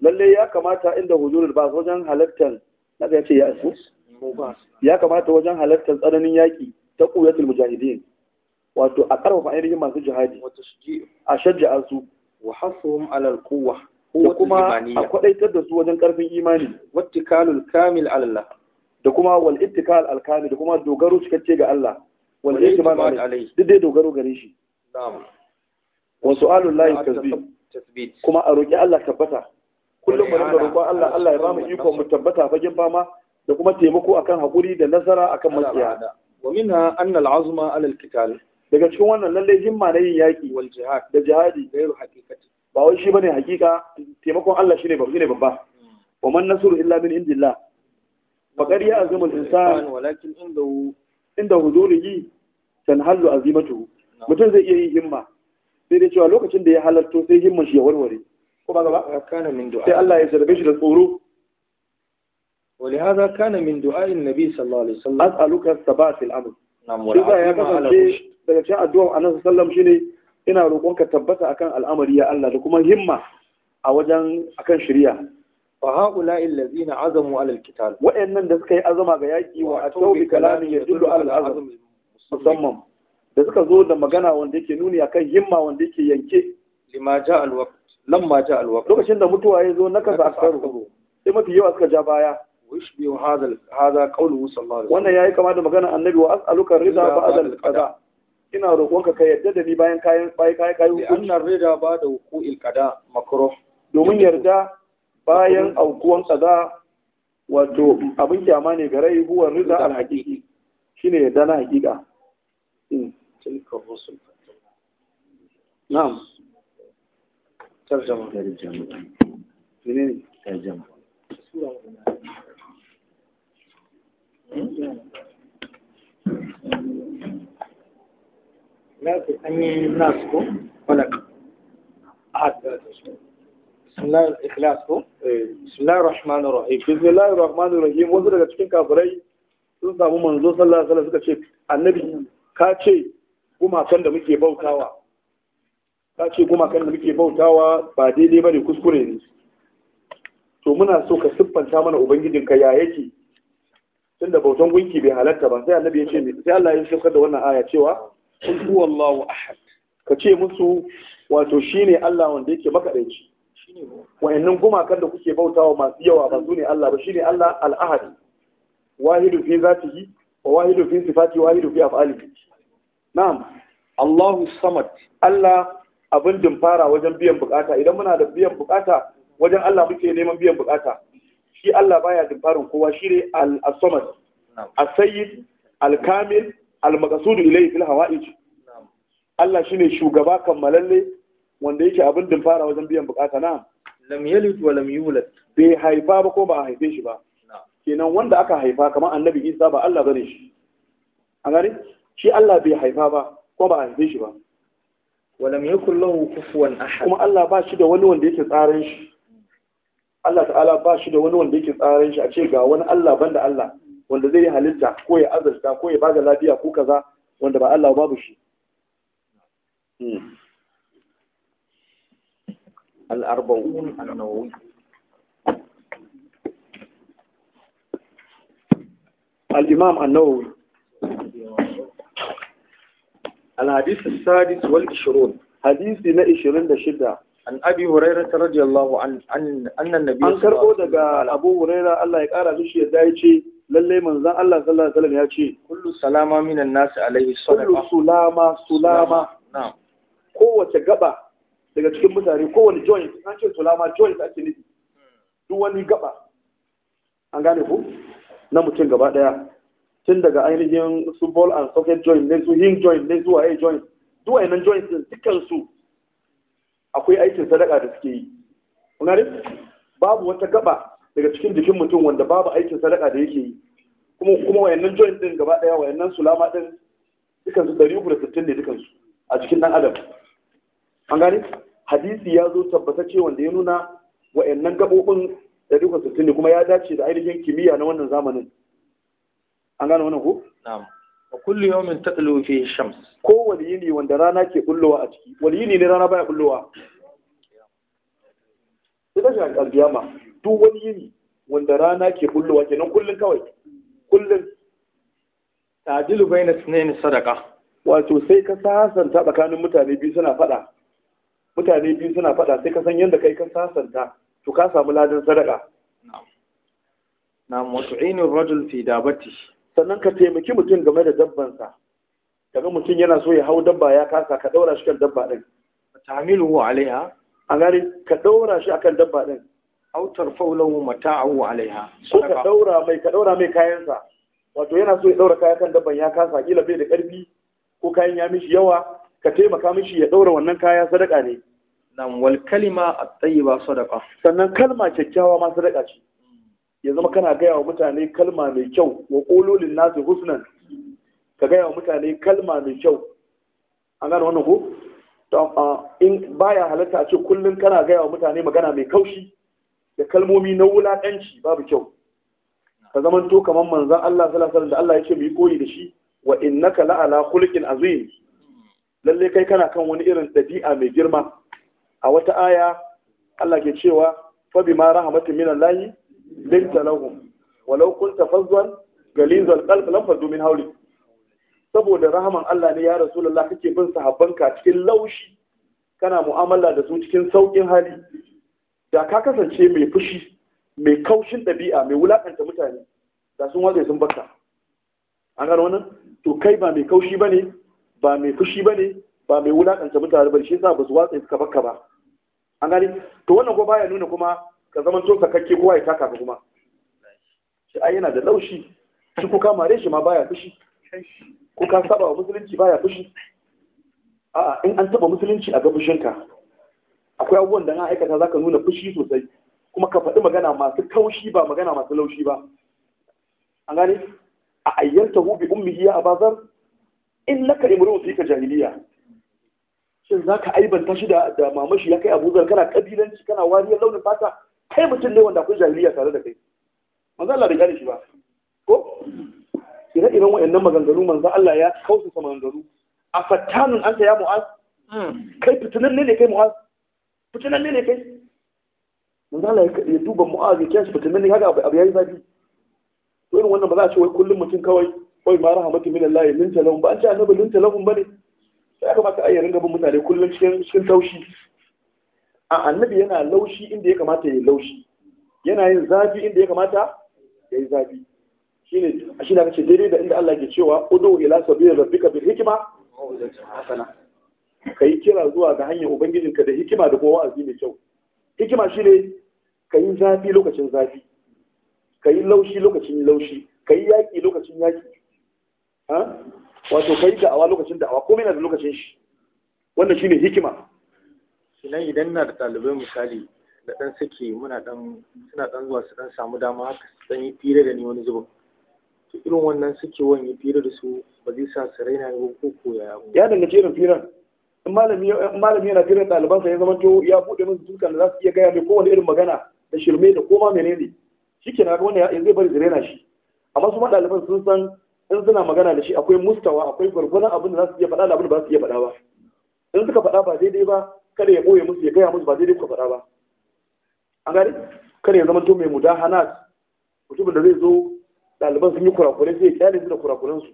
S1: lalle ya kamata inda wujudul ba'as wajen halattar naga yace ya'as ya kamata wajen halartar tsananin yaƙi ta ƙuyatul mujahidin wato a ƙarfafa ainihin masu jihadi a shajja'a su wa hasuhum alal da kuma a kwadaitar da su wajen ƙarfin imani wattikalul kamil Allah da kuma wal ittikal al kamil da kuma dogaro cikakke ga Allah wal ijmal alayhi duk dai dogaro gare shi na'am wa su'alul lahi kuma a roƙi Allah tabbata kullum mu rinka roƙon Allah Allah ya ba mu iko mu tabbata fagen fama da kuma taimako a kan haƙuri da nasara a kan wa minha anna al-azma ala al-qital daga cikin wannan lallai himma na yin yaƙi wal jihad da jihadi gairu haqiqati ba wai shi ne haƙiƙa taimakon Allah shine babba shine babba hmm. wa man na nasru illa min indillah
S2: fa qad ya'zimu al-insan
S1: walakin indahu inda huzurihi tanhallu azimatuhu mutum zai iya yin himma sai dai cewa lokacin da ya halarto sai himman shi ya warware ko ba ka ba sai Allah ya zarbe shi da tsoro ولهذا كان من دعاء النبي صلى الله عليه وسلم أسألك الثبات الأمر نعم والعافية على الرشد daga cikin addu'a annabi sallam shine ina roƙonka tabbata akan al'amari ya Allah da kuma himma a wajen akan shari'a fa haula allazina azamu ala alqital wa'annan da suka yi azama ga yaki wa kalamin musamman da suka zo da magana wanda yake nuni akan himma wanda yake yanke lima ja alwaqt lamma ja alwaqt lokacin da mutuwa ya zo nakasa askaru sai mafi yawa suka ja baya ويشبه هذا هذا قوله صلى الله عليه وسلم وانا kama da maganar annabi wa as'aluka rida ba'da ina roƙonka ka yadda da ni bayan kayan bayan kayan kayan hukunci annar rida domin yarda bayan aukuwan qada wato abin kyama ne ga rai huwa rida al-haqiqi shine yarda na haqiqa nasu daga cikin kafirai sun samu manzo sallallahu alaihi ka ce gumakan da muke bautawa ka ce gumakan da muke bautawa ba daidai bane kuskure ne to muna so ka siffanta mana ubangijinka ya yake tunda bautan gunki bai halatta ba sai annabi ya ce sai Allah ya shirkar da wannan aya cewa qul huwallahu ahad ka ce musu wato shine Allah wanda yake makadaici wayannan gumakan da kuke bautawa masu yawa ba su ne Allah ba shine Allah al-ahad wahidu fi zatihi wa wahidu fi sifati wa wahidu fi af'alihi na'am Allahu samad Allah abin fara wajen biyan bukata idan muna da biyan bukata wajen Allah muke neman biyan bukata shi Allah baya dimfarin kowa shi ne al-samad as-sayyid al-kamil al-maqsud ilayhi fil hawa'ij Allah shine shugaba kammalalle wanda yake abin dimfara wajen biyan bukata na lam yalid wa lam yulad bai haifa ba ko ba a haife shi ba kenan wanda aka haifa kamar annabi Isa ba Allah bane shi a gare shi Allah bai haifa ba ko ba a haife shi ba wa lam yakul lahu kufuwan ahad kuma Allah ba shi da wani wanda yake tsaran shi Allah ta'ala ba shi da wani wanda yake tsarin shi a ce ga wani Allah banda Allah wanda zai yi halitta ko ya azurta ko ya bada lafiya ko kaza wanda ba Allah babu shi hmm. al-arba'un an-nawawi al-imam an-nawawi al-hadith as-sadis wal hadisi na 26 an abi ta radiyallahu an anna nabi an karbo daga abu hurairah Allah ya kara mishi ya ya ce lalle manzon Allah sallallahu alaihi wasallam ya ce kullu salama minan nas alaihi sadaqa kullu sulama sulama na'am kowace gaba daga cikin mutane kowane joint an ce sulama joint ake nufi duk wani gaba an gane ku na mutum gaba daya tun daga ainihin su ball and socket joint ne su hing joint ne zuwa a joint duk wayannan joint din dukkan su akwai aikin sadaka da suke yi kuna babu wata gaba daga cikin jikin mutum wanda babu aikin sadaka da yake yi kuma kuma wayannan joint din gaba daya wayannan sulama din dukan su 360 ne dukan su a jikin dan adam an gane hadisi ya zo tabbatacce wanda ya nuna wayannan gabobin 360 ne kuma ya dace da ainihin kimiyya na wannan zamanin an gane wannan ko na'am
S2: wa kullu yawmin taqlu fihi shams
S1: ko waliyini wanda rana ke bullowa a ciki waliyini ne rana baya bullowa ita ce alƙiyama duk wani yini wanda rana ke bullowa kenan kullun kawai kullun tadilu bayna sunayn sadaqa wato sai ka sasanta tsakanin mutane biyu suna faɗa mutane biyu suna fada sai ka san yadda kai ka sasanta to ka samu ladan sadaka na'am na'am wa tu'inu rajul fi dabatihi sannan ka taimaki mutum game da dabbansa kaga mutum yana so ya hau dabba ya kasa ka ɗaura shi kan dabba din wa alaiha a gare ka ɗaura shi akan dabba din autar faulahu mata'ahu alaiha so ka ɗaura mai ka ɗaura mai kayansa wato yana so ya ɗaura kaya kan dabban ya kasa kila bai da ƙarfi ko kayan ya mishi yawa ka taimaka mishi ya ɗaura wannan kaya sadaka ne nan wal kalima at-tayyiba sadaqa sannan kalma kyakkyawa ma sadaka ce ya zama kana gaya wa mutane kalma mai kyau wa ƙololin nasu husnan ka gaya wa mutane kalma mai kyau an gane wannan ko in baya halatta a ce kullum kana gaya wa mutane magana mai kaushi da kalmomi na wulaƙanci babu kyau ka zamanto kamar manzan Allah sallallahu alaihi da Allah ya ce mu yi koyi da shi wa innaka la'ala khulqin azim lalle kai kana kan wani irin dabi'a mai girma a wata aya Allah ke cewa fa bima rahmatin minallahi ليس لهم ولو كنت فظا غليظ القلب lam من حولك saboda rahaman Allah ne ya rasulullah kake bin sahabbanka cikin laushi kana mu'amala da su cikin saukin hali da ka kasance mai fushi mai kaushin ɗabi'a mai wulakanta mutane da sun waje sun baka an gano wannan to kai ba mai kaushi bane ba mai fushi bane ba mai wulakanta mutane ba shi yasa ba su watsa suka barka ba an gani to wannan ko baya nuna kuma ka zama to sakakke kowa ya taka ka kuma shi ai yana da laushi shi kuka shi ma baya fushi ko ka saba wa musulunci baya fushi a'a in an taba musulunci a gabushin ka. akwai abubuwan da na aikata zaka nuna fushi sosai kuma ka faɗi magana masu kaushi ba magana masu laushi ba an gane a ayyanta hu bi ummihi ya abazar in laka imru fi ka jahiliya shin zaka aibanta shi da da mamashi ya kai abuzar kana kabilanci kana wariyar launin fata kai mutum ne wanda akwai jahiliya tare da kai manzo Allah bai gane shi ba ko ire-iren wayannan maganganu manzo Allah ya kausa maganganu a fattanun anta ya mu'az hmm. kai fitinan ne ne kai mu'az fitinan ne ne kai manzo Allah ya duba mu'az ya kiyaye fitinan ne kaga abu yayi zafi to irin wannan ba za a ce wai kullum mutum kawai wai ma rahmatu min Allah ya linta ba an ce annabi linta ba bane sai aka baka ayyarin gaban mutane kullum cikin cikin taushi a annabi yana laushi inda ya kamata ya yi laushi yana yin zafi inda ya kamata ya yi zafi A shi da kace daidai da inda Allah ke cewa udu ila sabili rabbika bil hikma hasana kai kira zuwa ga hanyar ubangijinka da hikima da kowa wa'azi mai kyau hikima shi ne ka yi zafi lokacin zafi ka yi laushi lokacin laushi ka yi yaƙi lokacin yaƙi. wato wato kai da'awa lokacin da'awa komai na da lokacin shi wannan ne hikima kenan idan na da ɗalibai misali da ɗan suke muna ɗan
S2: suna ɗan zuwa su ɗan samu dama haka su ɗan yi fira da ni wani zubin to irin wannan suke
S1: wani yi fira da su ba zai sa su raina ni ko ko ya dangace irin firan in malami yana firan ɗalibansa ya zama to ya buɗe musu dukkan da za su iya gaya mai kowane irin magana da shirme da koma menene shike na wani ya zai bari su raina shi amma su ma ɗaliban sun san in suna magana da shi akwai mustawa akwai gwargwadon abin da za su iya faɗa da abin da ba su iya faɗa ba in suka faɗa ba daidai ba kada ya boye musu ya gaya musu ba daidai kuka faɗa ba an gane kada ya zama to mai mudahanat mutumin da zai zo ɗaliban sun yi kurakurai sai ya kyale su da kurakuran su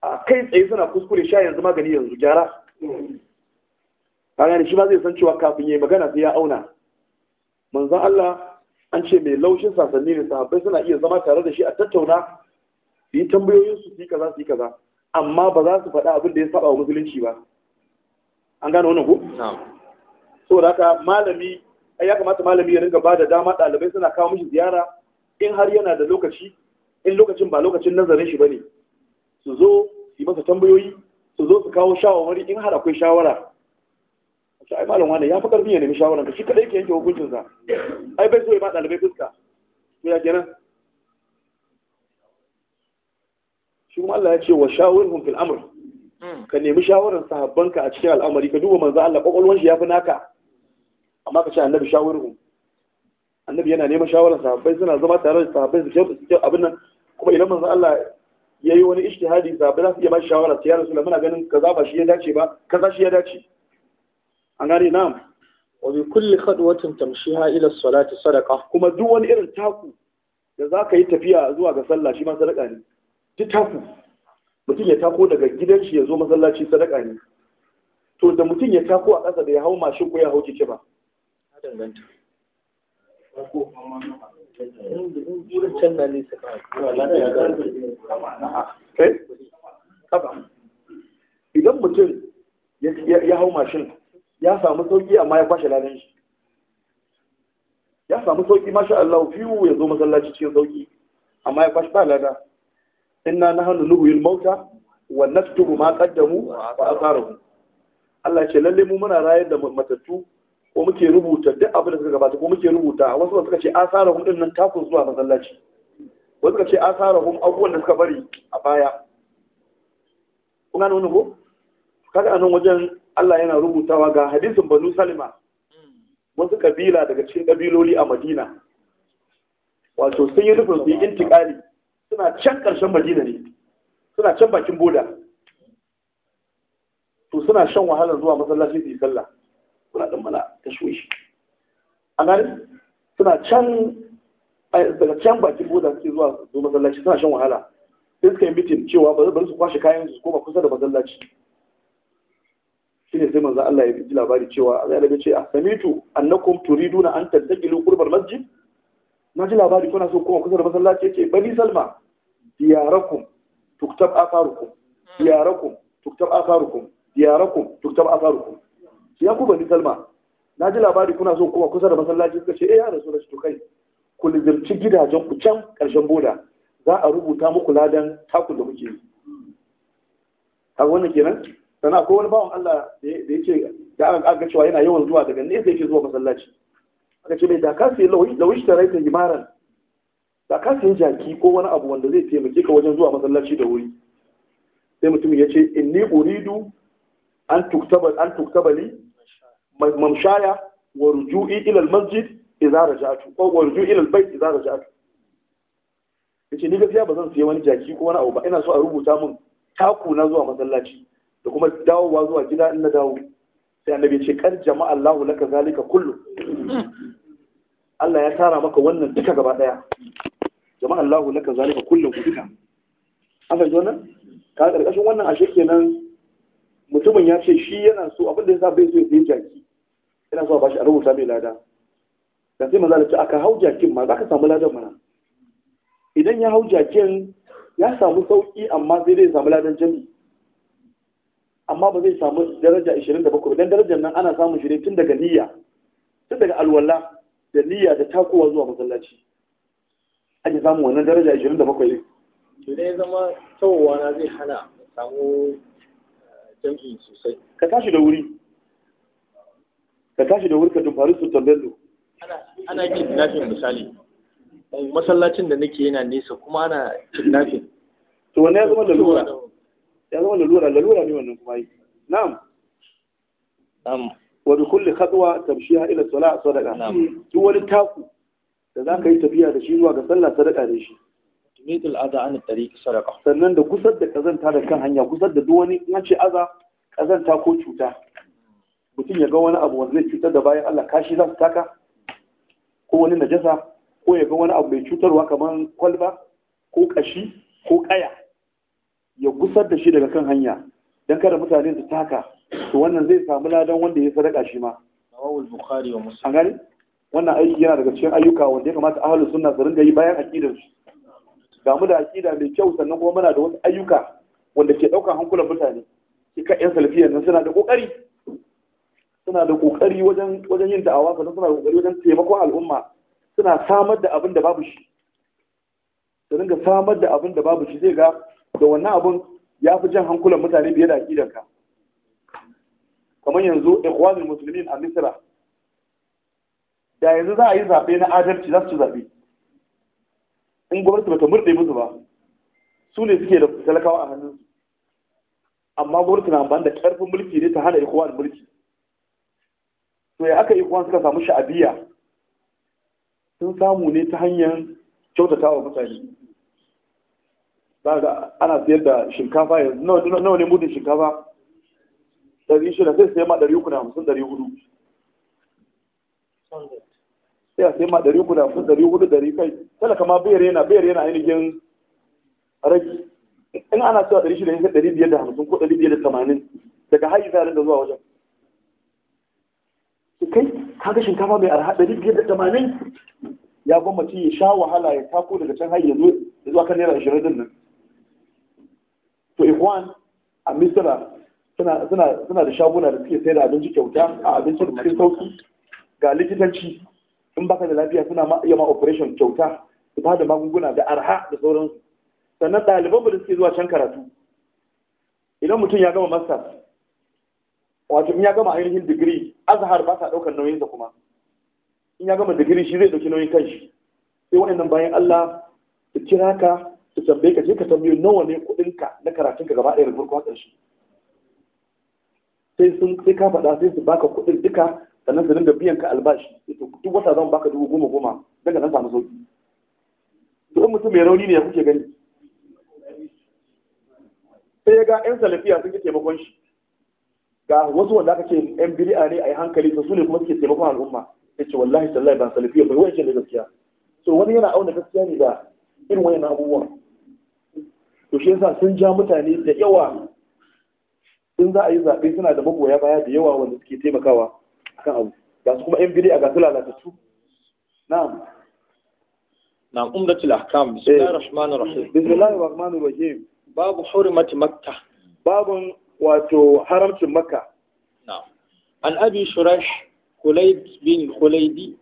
S1: a kai tsaye suna kuskure sha yanzu magani yanzu gyara ka gani shi ma zai san cewa kafin ya yi magana sai ya auna manzon Allah an ce mai laushin sasanni ne sahabbai suna iya zama tare da shi a tattauna su yi tambayoyin su su yi kaza su yi kaza amma ba za su faɗa abin da ya saba wa musulunci ba an gane wannan ku saboda haka malami ai ya kamata malami ya ringa ba da dama ɗalibai suna kawo mishi ziyara in har yana da lokaci in lokacin ba lokacin nazarin shi bane su zo su masa tambayoyi su zo su kawo shawarwari in har akwai shawara to ai malam wani ya fi karfin ya nemi shawaran ka shi kadai ke yanke hukuncin sa ai bai so ya ba ɗalibai fuska to ya kenan shi kuma Allah ya ce wa shawirhum fil amr Mm. ka nemi shawarar sahabbanka a cikin al'amari ka duba manzo Allah kokolwan shi yafi naka amma ka ce annabi shawaru annabi yana neman shawarar sahabbai suna zama tare da sahabbai su kyautu abin nan kuma idan manzo Allah ya yi wani ishtihadi sahabbai za su iya ba shi shawara ta ya suna, muna ganin kaza ba shi ya dace ba kaza shi ya dace an gane na'am wa bi kulli khadwatin tamshiha ila salati sadaqa kuma duk wani irin taku da zaka yi tafiya zuwa ga sallah shi ma sadaka ne duk taku mutum ya tako daga gidan shi ya zo masallaci sadaka ne to da mutum ya tako a ƙasa da ya hau mashin ko ya hau keke ba idan mutum ya hau mashin ya samu sauki amma ya kwashe ladan shi ya samu sauki masha Allah fiwu ya zo masallaci cikin sauki amma ya kwashe ba lada inna nahnu al mauta wa naktubu ma qaddamu wa atharuhum Allah ce lalle mu muna rayar da matattu ko muke rubuta duk abin da suka gabata ko muke rubuta wasu suka ce asarahum din nan takun zuwa masallaci wasu suka ce asarahum abubuwan da suka bari a baya kuma nan wannan ko kaga anan wajen Allah yana rubutawa ga hadisin Banu Salima wasu kabila daga cikin kabiloli a Madina wato sun yi rufin su yi intikali suna can ƙarshen madina ne suna can bakin boda to suna shan wahalar zuwa masallaci su yi sallah suna ɗan mana shi. a gani suna can daga can bakin boda suke zuwa zuwa masallaci suna shan wahala sai suka yi mitin cewa ba su kwashe kayan su ba kusa da masallaci shine sai manzo Allah ya ji labari cewa Allah ya ce a ah, samitu annakum turiduna an taddakilu qurbar masjid na ji labari kuna so kuma kusa da masallaci yake, bani salma diyarakum tuktab atharukum diyarakum tuktab atharukum diyarakum tuktab atharukum shi ya kuma bani salma na ji labari kuna so kuma kusa da masallaci suka ce eh ya rasu da shi to kai ku lizirci gidajen ku can karshen boda za a rubuta muku ladan taku da muke yi a kenan sana akwai wani bawan Allah da ya da aka ga cewa yana yawan zuwa daga nesa yake zuwa masallaci aka ce mai da ka lawish ta raita imaran da ka sayi jaki ko wani abu wanda zai taimake ka wajen zuwa masallaci da wuri sai mutum ya ce inni uridu an tuktaba an tuktabali mamshaya wa ruju'i ila almasjid idza raja'tu ko wa ruju'i ila albayt idza raja'tu yace ni gaskiya ba zan sayi wani jaki ko wani abu ba ina so a rubuta min taku na zuwa masallaci da kuma dawowa zuwa gida in na dawo sai annabi ya ce kan jama'a Allahu laka zalika kullu Allah ya tara maka wannan duka gaba daya jama'a Allahu laka zalika kullum ku duka an fahimci wannan ka karkashin wannan ashe kenan mutumin ya ce shi yana so abin da yasa bai so ya sayi jaki yana so a bashi a rubuta mai lada dan sai maza da ce aka hau jakin ma zaka samu ladan mana idan ya hau jakin ya samu sauki amma sai dai samu ladan jami amma ba zai samu daraja 27 dan darajar nan ana samun shi ne tun daga niyya tun daga alwala da niyya da takowa zuwa masallaci ake samu wannan daraja 27
S2: to dai zama
S1: tawowa na zai hana samu eh, jam'i sosai ka tashi da wuri ka tashi da wuri ka dumfari su tambello ana yin kidnapping misali masallacin da nake yana nesa kuma ana kidnapping to wannan ya zama da lura ya zama da lura da lura ne wannan kuma yi na'am na'am wa bi kulli khatwa tamshiha ila salat sadaqa duk wani taku da za ka yi tafiya da shi zuwa ga sallah sadaka da shi Mitul al'aza an tariki sadaka sannan da kusar da kazanta da kan hanya kusar da duk wani in ce aza kazanta ko cuta mutum ya ga wani abu wanda zai cutar da bayan Allah kashi za su taka ko wani najasa ko ya ga wani abu mai cutarwa kamar kwalba ko kashi ko kaya ya gusar da shi daga kan hanya dan kada mutane su taka to wannan zai samu ladan wanda ya sadaka shi ma
S2: rawahul bukhari wa muslim
S1: an gani wannan aiki yana daga cikin ayyuka wanda ya kamata ahalin sunna su ringa yi bayan aqidar su ga mu da aqida mai kyau sannan kuma muna da wasu ayyuka wanda ke ɗaukar hankulan mutane shi yan salafiyar nan suna da kokari suna da kokari wajen wajen yin da'awa sannan suna da kokari wajen taimakon al'umma suna samar da abin da babu shi su dinga samar da abin da babu shi zai ga da wannan abin ya fi jan hankulan mutane biye da aqidanka kamar yanzu ikhwanul muslimin a misra da yanzu za a yi zaɓe na adalci za su ci zaɓe in gwamnati bata murɗe musu ba su ne suke da talakawa a hannunsu amma gwamnati na amfani da ƙarfin mulki ne ta hana ikuwan mulki to ya aka ikuwan suka samu sha'abiya sun samu ne ta hanyar kyautata wa mutane za ga ana sayar da shinkafa yanzu nawa ne mudin shinkafa ɗari shida sai sai ma ɗari uku na hamsin ɗari hudu sai a sai ma ɗari uku da hamsin ɗari hudu ɗari kai talaka ma bai rena bai rena ainihin rage in ana cewa ɗari shida yanka ɗari biyar da hamsin ko ɗari biyar da tamanin daga hayi zarin da zuwa wajen kai kaga shinkafa mai arha ɗari biyar da tamanin ya gwamnati ya sha wahala ya tako daga can hayi ya ya zuwa kan naira ashirin din nan to ikwan a misira suna da shaguna da suke sayar da abinci kyauta a abincin cikin sauki ga likitanci in baka da lafiya suna iya ma operation kyauta su ba da magunguna da arha da sauransu sannan ɗaliban da suke zuwa can karatu idan mutum ya gama masters wato in ya gama ainihin digiri azhar ba sa ɗaukar nauyinsa kuma in ya gama digiri shi zai ɗauki nauyin kanshi sai waɗannan bayan Allah su kira ka su tambaye ka je ka tambayi nawa ne kuɗinka na karatunka gaba ɗaya da farko a ƙarshe sai sun sai ka faɗa sai su baka kuɗin duka sannan su dinga biyan ka albashi duk wata zan baka dubu goma goma daga nan samu sauki to in mutum mai rauni ne ya kuke gani sai ya ga yan salafiya sun ke taimakon shi ga wasu wanda aka ce yan bid'a ne a yi hankali to su ne kuma suke taimakon al'umma ya ce wallahi tallahi ba salafiya bai wani da gaskiya to wani yana auna gaskiya ne da irin wani abubuwan to shi yasa sun ja mutane da yawa in za a yi zaɓe suna da magoya baya da yawa wanda suke taimakawa akan abu ga su kuma yan a ga su na'am na'am umdatul ahkam bismillahir eh. rahmanir rahim babu hurmati makka babu wato haramcin makka na'am an abi kulayd bin kulaydi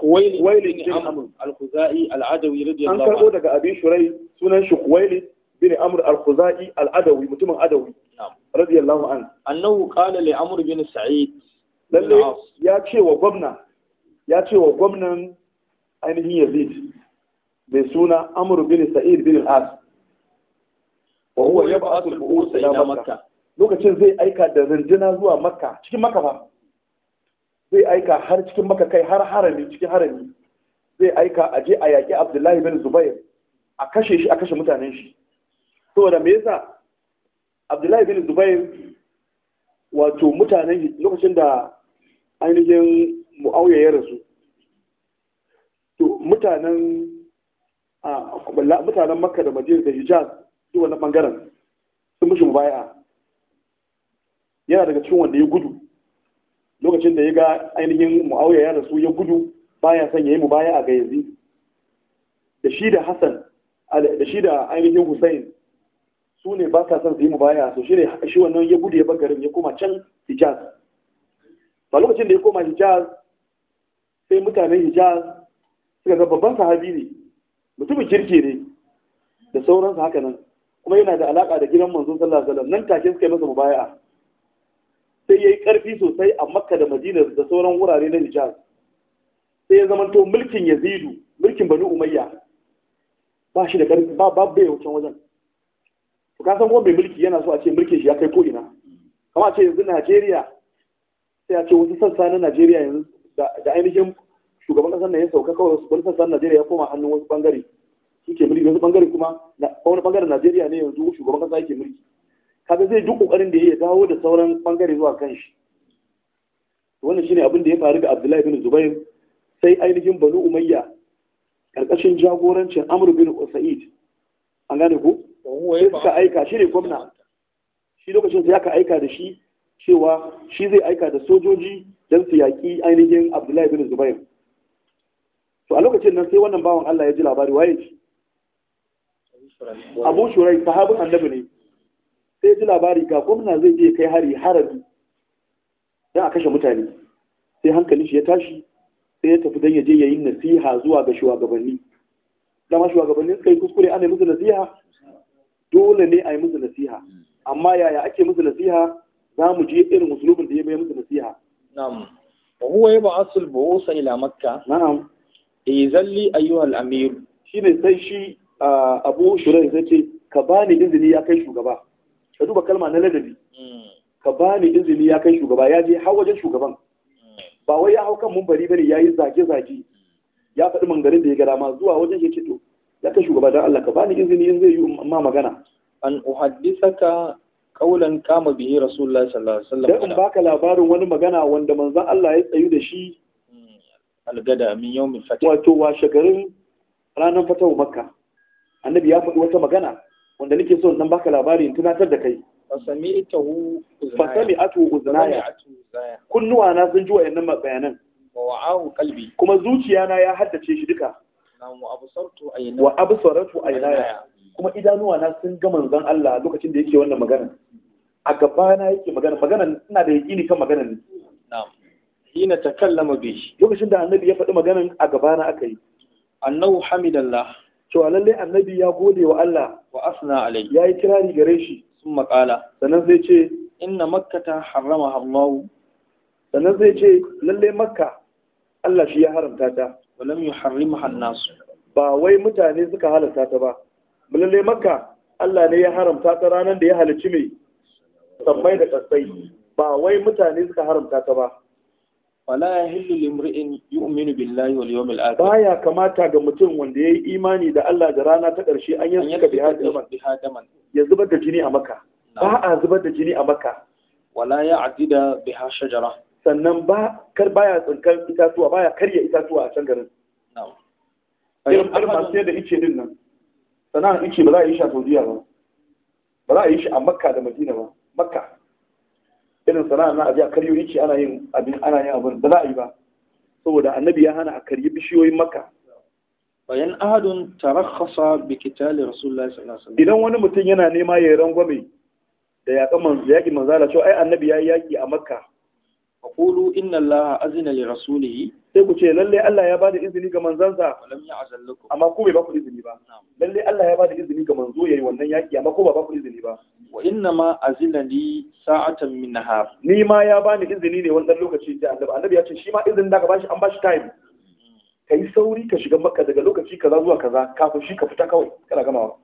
S1: bin Amr al-Khuzai al-Adawi radiyallahu anhu. An daga Abi Shurai sunan shi bin Amr al-Khuzai al-Adawi mutumin Adawi radiyallahu anhu. Annahu qala li Amr bin Sa'id lalle ya ce wa gwamna ya ce wa gwamnan ainihin yazid mai suna amur bin sa'id bin as wa huwa yab'athu al-bu'us ila makka lokacin zai aika da rinjina zuwa makka cikin makka fa zai aika har cikin makka kai har harami cikin harami zai aika a je a yaƙi abdullahi bin zubair a kashe shi a kashe mutanen shi saboda me yasa abdullahi bin zubair wato mutanen lokacin da ainihin mu'auya ya rasu to mutanen mutanen makka da madina da hijaz su wannan bangaren sun mishi baya? yana daga cikin wanda ya gudu lokacin da ya ga ainihin mu'auya ya rasu ya gudu baya son ya yi baya a gayyazi da shi da hassan da shi da ainihin hussein su ne ba sa son su yi mu baya so shi ne shi wannan ya gudu ya bangaren ya koma can hijaz ba lokacin da ya koma hijaz sai mutanen hijaz suka ga babban sahabi ne mutumin kirki ne da sauransu haka nan kuma yana da alaka da gidan manzon sallallahu alaihi wasallam nan take suka yi masa mubaya'a sai yayi karfi sosai a makka da madina da sauran wurare na hijaz sai ya zamanto mulkin yazidu mulkin bani umayya ba shi da karfi ba bai wucin wajen to ka san mai mulki yana so a ce mulkin shi ya kai ko ina kamar a ce yanzu najeriya sai a ce wasu sassa na Najeriya yanzu da ainihin shugaban kasar nan ya sauka kawai wani sassa na Najeriya ya koma hannun wasu bangare shi ke mulki wasu bangare kuma wani bangaren Najeriya ne yanzu shugaban kasa yake mulki kaga zai duk kokarin da ya dawo da sauran bangare zuwa kan shi wannan shine abin da ya faru da Abdullahi bin Zubair sai ainihin Banu Umayya karkashin jagorancin Amr bin Usaid an gane ko sai ka aika shi ne gwamna shi lokacin sai aka aika da shi cewa shi zai aika da sojoji don su yaƙi ainihin abdullahi bin zubair to a lokacin nan sai wannan bawan allah ya ji labari waye shi abu shurai sahabin annabi ne sai ji labari ga gwamna zai je kai hari harabi don a kashe mutane sai hankali shi ya tashi sai ya tafi don ya je ya yi nasiha zuwa ga shugabanni dama shugabannin suka yi kuskure ana musu nasiha dole ne a yi musu nasiha amma yaya ake musu nasiha za mu je irin musulmin da ya bai musu nasiha na'am wa huwa yab'asu al-bu'usa ila makka na'am izalli ayyuha al-amir shine sai shi abu shurai zai ce ka bani izini ya kai shugaba ka duba kalma na ladabi hmm. ka bani izini ya kai shugaba ya je har wajen shugaban hmm. ba wai ya hau kan mumbari bane yayi zage zage ya faɗi mangarin da ya gara ma zuwa wajen ya ce to ya kai shugaba dan Allah ka bani izini in zai yi ma magana an saka. kaulan kama bihi rasulullahi sallallahu alaihi wasallam dan baka labarin wani magana wanda manzon Allah ya tsayu da shi hmm, algada min yawmin fatah wato wa shagarin ranar fatahu makka annabi ya faɗi wata magana wanda nake so dan baka labari in tunatar da kai fasami'tahu fasami'atu uznaya kunnuwa na sun ji wayannan bayanan wa'ahu qalbi kuma zuciya na ya haddace shi duka wa absartu ayna kuma idanuwa na sun ga manzon Allah lokacin da yake wannan magana a gaba na yake magana magana ina da yaƙini kan magana ne na'am hina takallama bi lokacin da annabi ya faɗi maganan a gaba na aka yi annahu hamidallah cewa lallai annabi ya gode wa Allah wa asna alai ya yi kirari gare shi sun makala. sannan zai ce inna makkata harrama Allah sannan zai ce lallai makka Allah shi ya haramta ta lam yuharrimha an-nas ba wai mutane suka halarta ta ba lalle maka, Allah ne ya haramta ta ranar da ya halici mai sammai da kasai ba wai mutane suka haramta ta ba wala yahillu limri'in yu'minu billahi wal yawmil akhir baya kamata ga mutum wanda yayi imani da Allah da rana ta karshe an yanka ka bihadaman ya zubar da jini a maka ba a zubar da jini a maka wala ya adida biha shajara sannan ba kar baya tsinkan itatuwa baya karya itatuwa a can garin na'am irin almasu da ice din nan sana'ar ce ba za a yi shi a saudiya ba ba za a yi shi a makka da madina ba makka irin sana'a na aji a karyo yake ana yin abin ana yin abin ba za a yi ba saboda annabi ya hana a karyi bishiyoyin makka bayan ahadun tarakhasa bi qitali rasulullahi sallallahu alaihi wasallam idan wani mutum yana nema ya rangwame da yaƙi kama yaki manzala cewa ai annabi ya yi yaƙi a makka aqulu inna allaha azina li rasulihi sai ku ce lalle Allah ya bada izini ga manzansa amma ko bai ba ku izini ba lalle Allah ya bada izini ga manzo yayi wannan yaki amma ko ba ba ku izini ba wa inna ma azina li sa'atan min nahar ni ma ya bani izini ne wannan lokaci da annabi annabi ya ce shi ma izinin da ka bashi an bashi time mm-hmm. kai sauri ka shiga makka daga lokaci kaza zuwa kaza kafin shi ka fita kawai kana gamawa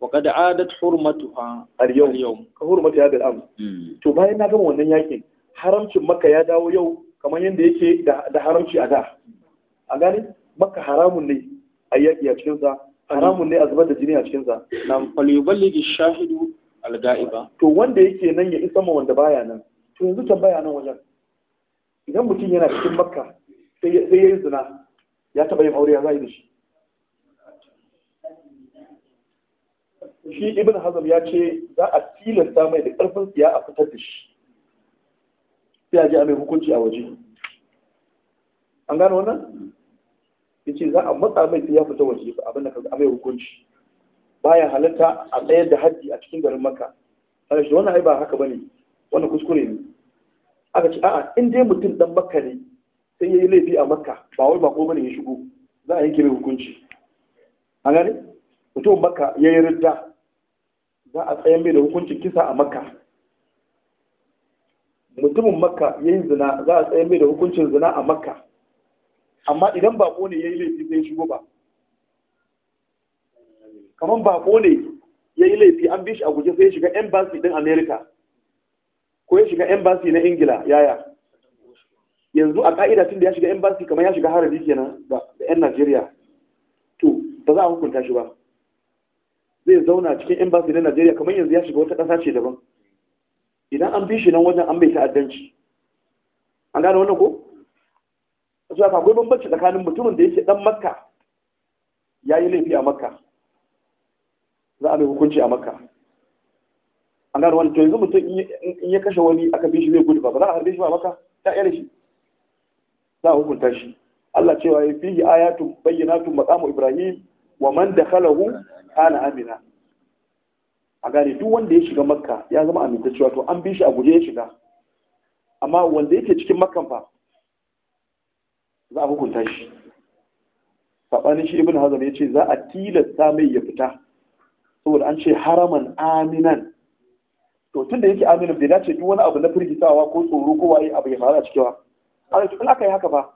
S1: wa qad adat hurmatuha al-yawm ka hurmatu hadha al-amr mm. to bayan na gama wannan yakin haramcin makka ya dawo yau kamar yadda yake da haramci a da a gani maka haramun ne a yaƙi a cikinsa haramun ne a zubar da jini a cikinsa na da shahidu alga'iba to wanda yake nan ya isa ma wanda baya nan to yanzu tambaya nan wajen idan mutum yana cikin makka sai ya yi zina ya taɓa yin aure ya zai da shi shi ibn hazm ya ce za a tilasta mai da ƙarfin siya a fitar da shi sai a je a mai hukunci a waje an gano wannan ya ce za a matsa mai sai ya fita waje ba abin da a mai hukunci baya halatta a tsayar da haddi a cikin garin maka ana shi wannan ai ba haka bane wannan kuskure ne aka ce a'a in dai mutum dan makka ne sai ya yi laifi a makka ba wai ba ko bane ya shigo za a yanke mai hukunci an gane mutum makka ya yi ridda za a tsayar mai da hukuncin kisa a makka mutumin makka ya yi zina za a tsaye mai da hukuncin zina a makka amma idan bako ne ya yi laifi zai shigo ba kamar bako ne ya yi laifi an bi shi a guje sai ya shiga embassy din america ko ya shiga embassy na ingila yaya yanzu a ka'ida tun da ya shiga embassy kamar ya shiga harabi kenan da yan najeriya to ba za a hukunta shi ba zai zauna cikin embassy na najeriya kamar yanzu ya shiga wata ƙasa ce daban idan an bi shi nan wajen an bai ta'addanci an gane wannan ko su ka akwai bambanci tsakanin mutumin da yake dan makka ya yi laifi a makka za a mai hukunci a makka an gane wannan to yanzu mutum in ya kashe wani aka bi shi zai gudu ba ba za a harbe shi ba makka ta yare shi za a hukunta shi Allah cewa ya fihi ayatu bayyinatu maqamu Ibrahim wa man dakhalahu kana amina a gane duk wanda ya shiga makka ya zama amintacciwa to an bi shi a guje ya shiga amma wanda yake cikin makkan fa za a hukunta shi saɓanin shi ibn hazm ya ce za a tilasta mai ya fita saboda an ce haraman aminan to tunda yake aminan bai dace duk wani abu na firgitawa ko tsoro ko waye abu ya faru a cikin ba in aka yi haka ba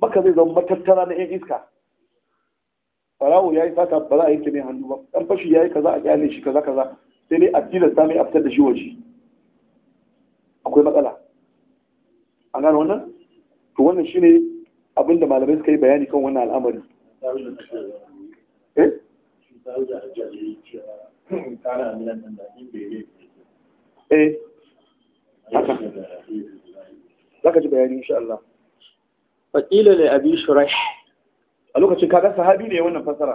S1: maka zai zama matattara na yan iska farawo ya yi sata ba za a yanke mai hannu ba dan fashi ya yi kaza a kyale shi kaza kaza sai dai a sami mai a fitar da shi waje akwai matsala an gane wannan to wannan shine abin da malamai suka yi bayani kan wannan al'amari
S2: zaka eh?
S1: eh. ji bayani insha Allah Fakila ne abi shuraih a lokacin kaga sahabi ne wannan fasara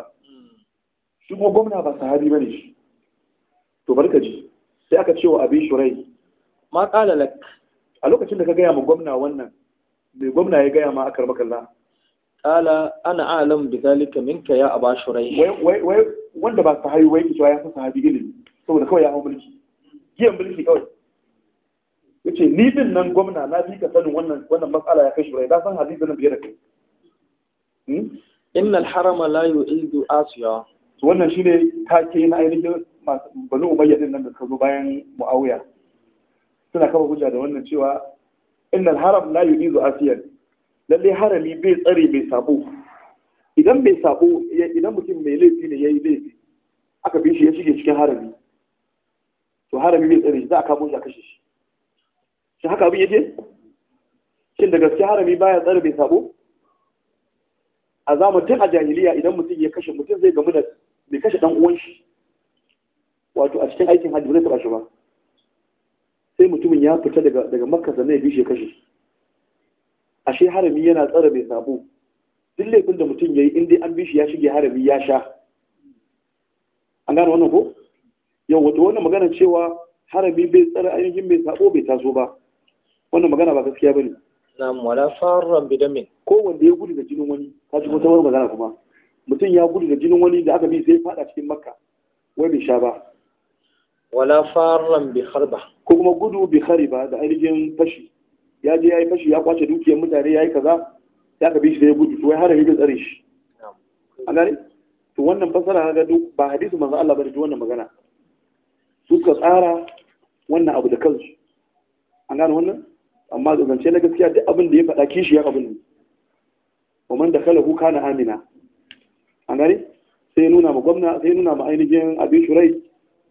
S1: shi kuma gwamna ba sahabi bane shi to barka ji sai aka ce wa abin shurai ma kala lak a lokacin da ka gaya ma gwamna wannan mai gwamna ya gaya ma akar makalla kala ana alam bi zalika minka ya aba shurai wai wanda ba sahabi wai ki ya san sahabi ilimi saboda kawai ya hau mulki giyan mulki kawai yace ni din nan gwamna na bi ka sanin wannan wannan matsala ya kai shurai na san hadisi nan biyar da kai hmm? al harama la yu'idu asiya to wannan shine take na ainihin banu umayya din nan da kazo bayan muawiya suna kafa hujja da wannan cewa al haram la yu'idu asiya lalle harami bai tsare bai sabo idan bai sabo idan mutum mai laifi ne yayi laifi aka bi shi ya shige cikin harami to harami bai tsare za a kamo shi a kashe shi shi haka abin yake shin da gaske harami baya tsare bai sabo a zamanin a jahiliya idan mutum ya kashe mutum zai gamu da mai kashe dan uwan shi wato a cikin aikin hajji ba zai taba shi ba sai mutumin ya fita daga daga makka sannan ya bi shi kashe ashe harami yana tsara mai sabo duk laifin da mutum ya yi in dai an bi shi ya shige harami ya sha an gane wannan ko yau wato wannan magana cewa harami bai tsara ainihin mai sabo bai taso ba wannan magana ba gaskiya bane na'am wala farran bidamin ko wanda ya gudu da jinin wani ka ji wata wani magana kuma mutum ya gudu da jinin wani da aka bi sai fada cikin makka wai bai sha ba wala farran bi kharba. ko kuma gudu bi hariba da ainihin fashi ya je ya yi fashi ya kwace dukiyar mutane ya yi kaza ya ka bi shi da ya gudu to wai har ya tsare shi a gane to wannan fasara ga duk ba hadisi manzo Allah bane wannan magana su suka tsara wannan abu da kansu an gane wannan amma da zance na gaskiya duk abin da ya faɗa kishi ya abin wa man dakala hu kana amina an gane sai nuna ma gwamna sai nuna ma ainihin abin shurai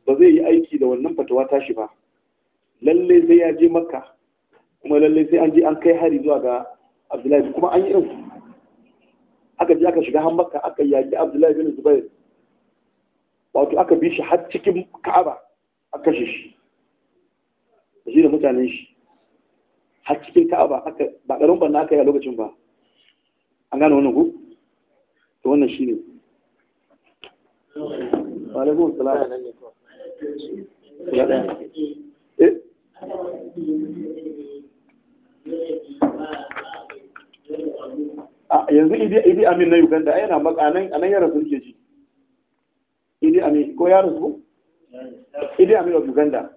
S1: ba zai yi aiki da wannan fatawa tashi ba lalle sai ya je makka kuma lalle sai an je an kai hari zuwa ga abdullahi kuma an yi irin aka je aka shiga har makka aka yaƙi abdullahi bin zubair wato aka bi shi har cikin ka'aba aka shi shi da mutanen shi har cikin ba aka ba garin ban aka yi a lokacin ba an gane wannan ku to wannan shine wa alaikum salam eh ah, yanzu idi amin na uganda yana maka anan yara yaran sun ke ji idi amin ko yara su idi amin of uganda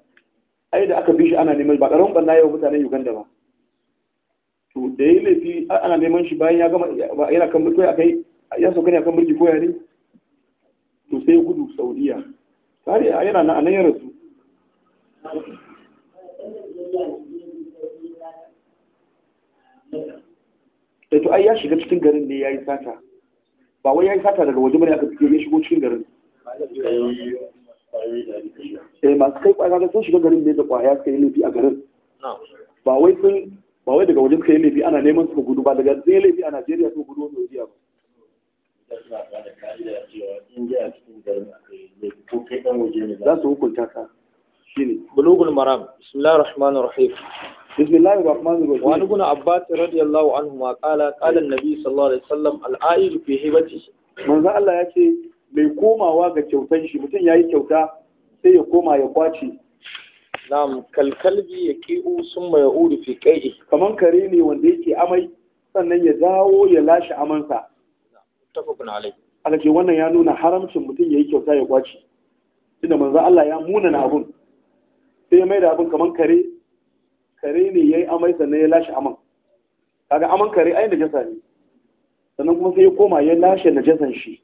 S1: ai da aka bi shi ana neman ba karamin banna yau mutanen uganda ba to da yi laifi ana neman shi bayan ya gama yana kan mulki akai ya sauka ne akan mulki ko ya ne to sai gudu Saudiya tare yana nan anan ya rasu da eh, to ai ya shiga cikin garin ne ya yi sata ba wai yi sata daga waje bane aka fito ya shigo cikin garin eh masu kai kwaya sun shiga garin ne da kwaya suka yi laifi a garin ba wai sun ba wai daga wajen suka yi laifi ana neman suka gudu ba daga zai laifi a Najeriya su gudu wani wajiya
S2: ba. za su hukunta
S1: ka shine bulugul maram bismillahir rahmanir rahim bismillahir rahmanir rahim wa ibn abbas radiyallahu anhu ma qala qala an-nabi sallallahu alaihi wasallam al-a'il fi hibati manzo Allah yace mai komawa ga kyautan shi mutum yayi kyauta sai ya koma ya kwace Na'am kalkalbi ya ki'u sun mai uru fi kai. Kaman kare ne wanda yake amai sannan ya dawo ya lashe amansa. Tafakun alai. Alake wannan ya nuna haramcin mutum ya yi kyauta ya kwaci. Tunda manzo Allah ya munana abun. Sai ya maida abun kaman kare. Kare ne ya yi amai sannan ya lashe aman. Kaga aman kare ai jasa ne. Sannan kuma sai ya koma ya lashe jasan shi.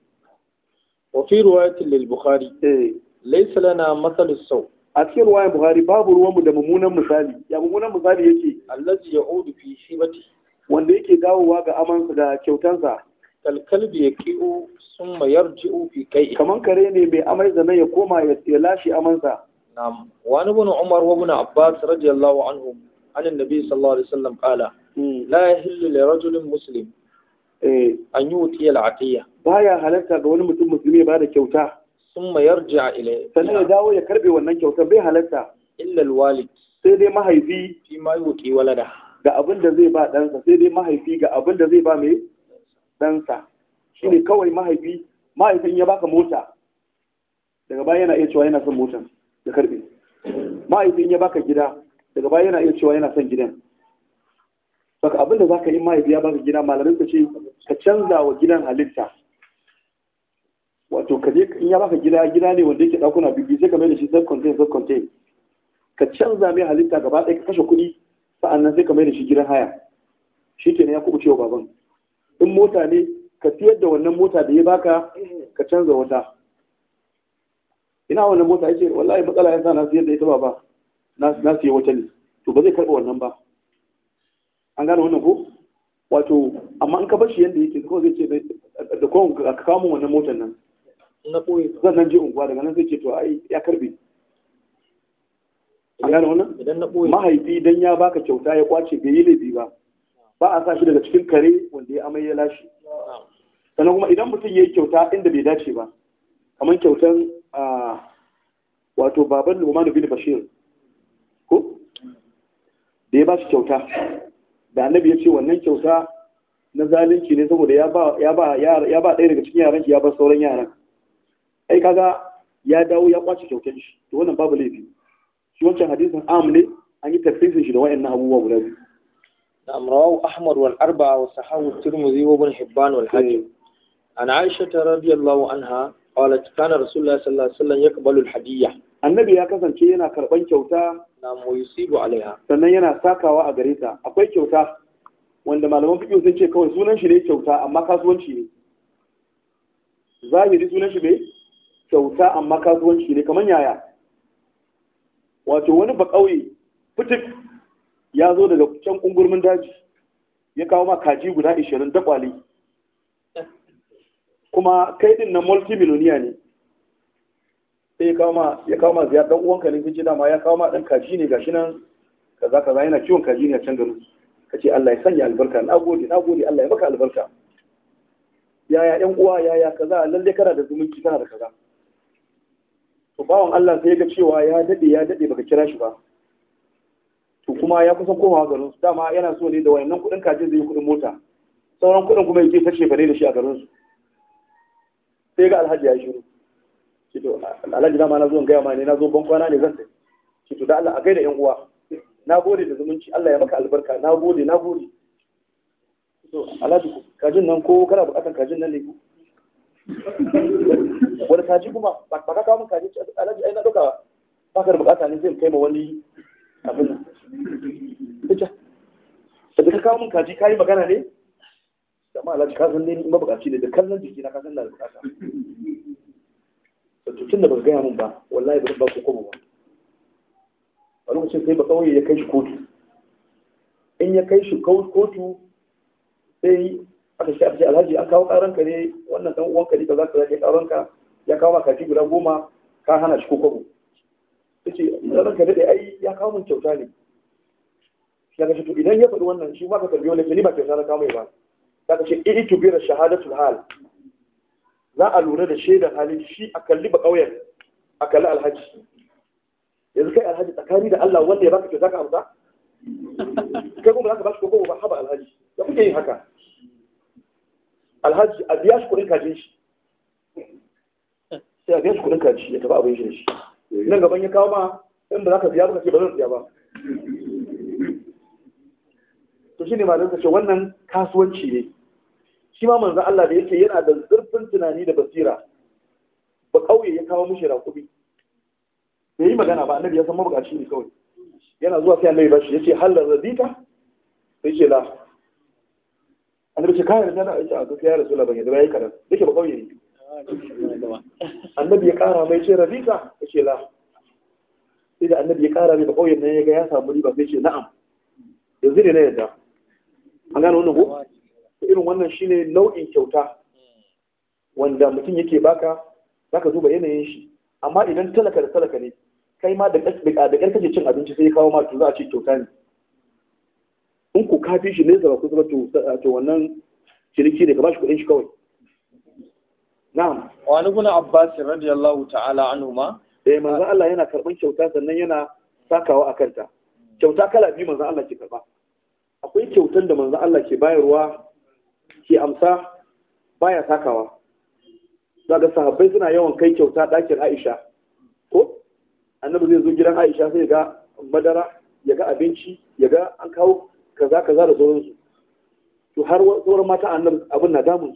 S1: Wa fi riwayatin lil Bukhari. Eh. Laysa lana mathalus sau. a cikin ruwayan buhari babu ruwanmu da mummunan misali ya mummunan misali yake allazi ya'udu fi shibati wanda yake dawowa ga amansa da kyautansa kalkalbi ya ki'u sun mayar ji'u fi kai kaman kare ne mai amai zane ya koma ya lashe amansa na'am wani bin umar wa bin abbas radiyallahu anhu anin nabi sallallahu alaihi wasallam qala hmm. la yahillu li rajulin muslim eh. an yuti al baya halarta ga wani mutum musulmi ya bada kyauta sun mayar ja ilai sannan ya dawo ya karbe wannan kyautar bai halatta illal walid sai dai mahaifi fi ma yuqi walada ga abin da zai ba ɗansa sai dai mahaifi ga abin da zai ba mai ɗansa shine kawai mahaifi mahaifin ya baka mota daga baya yana iya cewa yana son motan ya karbe mahaifin ya baka gida daga baya yana iya cewa yana son gidan saka abin da za ka yi mahaifi ya baka gida malamin ka ce ka canza wa gidan halitta wato ka je in ya baka gida gida ne wanda yake dakuna biyu sai ka mai da shi self contain self contain ka canza mai halitta gaba ɗaya ka kashe kuɗi sa'annan sai ka mai da shi gidan haya shi kenan ya kubucewa baban in mota ne ka siyar da wannan mota da ya baka ka canza wata ina wannan mota ya ce wallahi matsala yasa na siyar da ita baba na siya wata ne to ba zai karɓa wannan ba an gane wannan ko wato amma in ka bar shi yadda yake kawai zai ce da kawai ka kamo wannan motar nan na ɓoye zan nan je unguwa daga nan zai ce to ai ya karbe gane wannan idan na ɓoye mahaifi idan ya baka kyauta ya kwace bai yi laifi ba ba a sa shi daga cikin kare wanda ya amai ya lashe sannan kuma idan mutum ya yi kyauta inda bai dace ba kamar kyautan wato baban da bin Bashir ko da ya ba shi kyauta da annabi ya ce wannan kyauta na zalunci ne saboda ya ba ɗaya daga cikin yaran ya ba sauran yaran ai kaga ya dawo ya kwace kyautar shi to wannan babu laifi shi wancan hadisin am ne an yi tafsirin shi da wayannan abubuwa guda biyu نعم رواه أحمد والأربعة وصححه الترمذي وابن حبان والحاكم عن عائشة رضي الله عنها قالت كان رسول الله صلى الله عليه وسلم يقبل الهدية annabi ya kasance yana karban kyauta na yusibu alaiha sannan yana sakawa a gare ta akwai kyauta wanda malaman fiqh sun ce kawai sunan shi ne kyauta amma kasuwanci ne zahiri sunan shi ne kyauta amma kasuwanci ne kamar yaya wato wani ba ƙauye fitik ya zo daga can kungurmin daji ya kawo ma kaji guda ishirin da kwali kuma kai din na multimiloniya ne sai ya kawo ma ziyar dan uwanka ne kace dama ya kawo ma dan kaji ne gashi nan kaza kaza yana ciwon kaji ne a can garin ce Allah ya sanya albarka na gode na gode Allah ya maka albarka yaya yan uwa yaya kaza lalle kana da zumunci kana da kaza to bawan Allah sai ga cewa ya dade ya dade baka kira shi ba to kuma ya kusan komawa garin su dama yana so ne da wayannan kuɗin kajin zai yi kuɗin mota sauran kuɗin kuma yake ta bare da shi a garin su sai ga alhaji ya shiru shi to alhaji dama na zo in gaya ma ne na zo ban kwana ne zan sai shi to da Allah a gaida yan uwa na gode da zumunci Allah ya maka albarka na gode na gode to alhaji kajin nan ko kana bukatan kajin nan ne wani kaji kuma ba ka kawo min kaji alhaji ai na ɗauka ba ka da bukata ne zai kai ma wani abin da ka kawo min kaji kayi magana ne da ma alhaji ka san ne mabukaci ne da kallon jiki na ka san na da bukata to tutun da ba gaya min ba wallahi ba ba ku kuma ba a lokacin sai ba kauye ya kai shi kotu in ya kai shi kotu sai aka shi ce alhaji an kawo karan ka ne wannan dan uwanka ne kaza kaza ke karan ka ya kawo maka kaji guda goma ka hana shi ko kwabo yace idan ka dade ai ya kawo min kyauta ne ya ga to idan ya faɗi wannan shi ma ka tambayo ne ni ba kyauta na kawo mai ba ya ka ce idi tubira shahadatul hal za a lura da shaidar halin shi a kalli ba kauyen a kalli alhaji yanzu kai alhaji tsakani da Allah wanda ya baka kyauta ka amsa kai kuma za ka ba shi ko ba haba alhaji da kuke yin haka alhaji a biya shi kuɗin shi sai a biya shi kuɗin kaji ya taɓa abin shi shi nan gaban ya kawo ma in ba za ka biya ba ce ba zan biya ba to ne ma suka ce wannan kasuwanci ne shi ma manzan Allah da yake yana da zurfin tunani da basira ba ƙauye ya kawo mishi rakubi bai yi magana ba annabi ya san shi ne kawai yana zuwa sai annabi ba bashi yace hal radita sai ce la annabi ce kayan da na aiki a gaskiya rasulullah ban yadda yayi kadan da ba kauye ne annabi ya kara mai ce ya ce la sai da annabi ya kara mai ba kauyen nan ya ga ya samu riba sai ce na'am yanzu ne na yadda an gano wannan ko irin wannan shine nau'in kyauta wanda mutum yake baka zaka duba yanayin shi amma idan talaka da talaka ne kai ma da da kake cin abinci sai ya kawo ma to za a ce kyauta ne in ku kafi shi nesa ba ku zama to wannan ciniki ne ka shi kuɗin shi kawai na'am wa ni guna abbas radiyallahu ta'ala anhuma eh manzo Allah yana karban kyauta sannan yana sakawa a kanta kyauta kala biyu manzo Allah ke karba akwai kyautan da manzo Allah ke bayarwa ke amsa baya sakawa daga sahabbai suna yawan kai kyauta ɗakin Aisha ko annabi zai zo gidan Aisha sai ga madara ya ga abinci ya ga an kawo kaza kaza da sauransu to har sauran mata nan abin na damun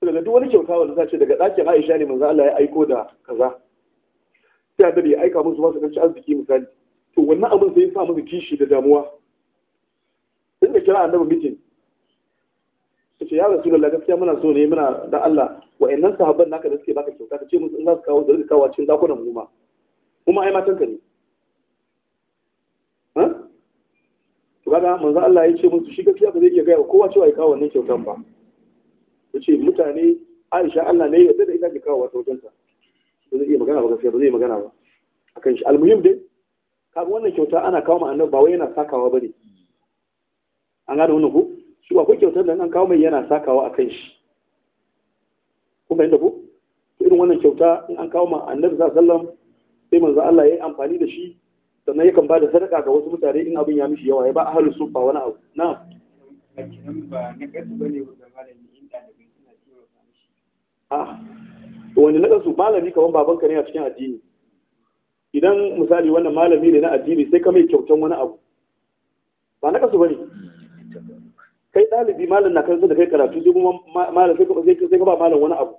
S1: su daga duk wani kyauta wanda za ce daga ɗakin Aisha ne manzo Allah ya aiko da kaza sai annabi ya aika musu masu kanci arziki misali to wannan abin sai ya sa musu kishi da damuwa sun da kira annabi mitin su ce ya rasulullah gaskiya muna so ne muna da Allah wa'annan sahabban naka da suke baka kyauta ka ce musu in za su kawo da rikawa kawo cikin zakunan mu ma kuma ai matan ka ne kaga manzo Allah ya ce musu shi gaskiya ba zai iya gaya kowa cewa ya kawo wannan kyautan ba yace mutane Aisha Allah ne ya yarda da ita ke kawo wata wajenta ba zai iya magana ba gaskiya ba zai magana ba akan shi almuhim dai kaga wannan kyauta ana kawo ma annabi ba wai yana sakawa bane an ga wannan ko shi ba ko kyautar da an kawo mai yana sakawa akan shi kun fahimta ko irin wannan kyauta in an kawo ma annabi sallallahu alaihi wasallam sai manzo Allah ya yi amfani da shi sannan yakan ba da sadaka ga wasu mutane in abin ya mishi yawa ya ba ahalu sufa wani abu na A ah, wani na kasu malami kamar babanka ne a cikin addini idan misali wannan malami ne na addini sai ka mai kyautan wani abu ba na kasu bane kai ɗalibi malam na kansa da kai karatu sai kuma malam sai ka ba malam wani abu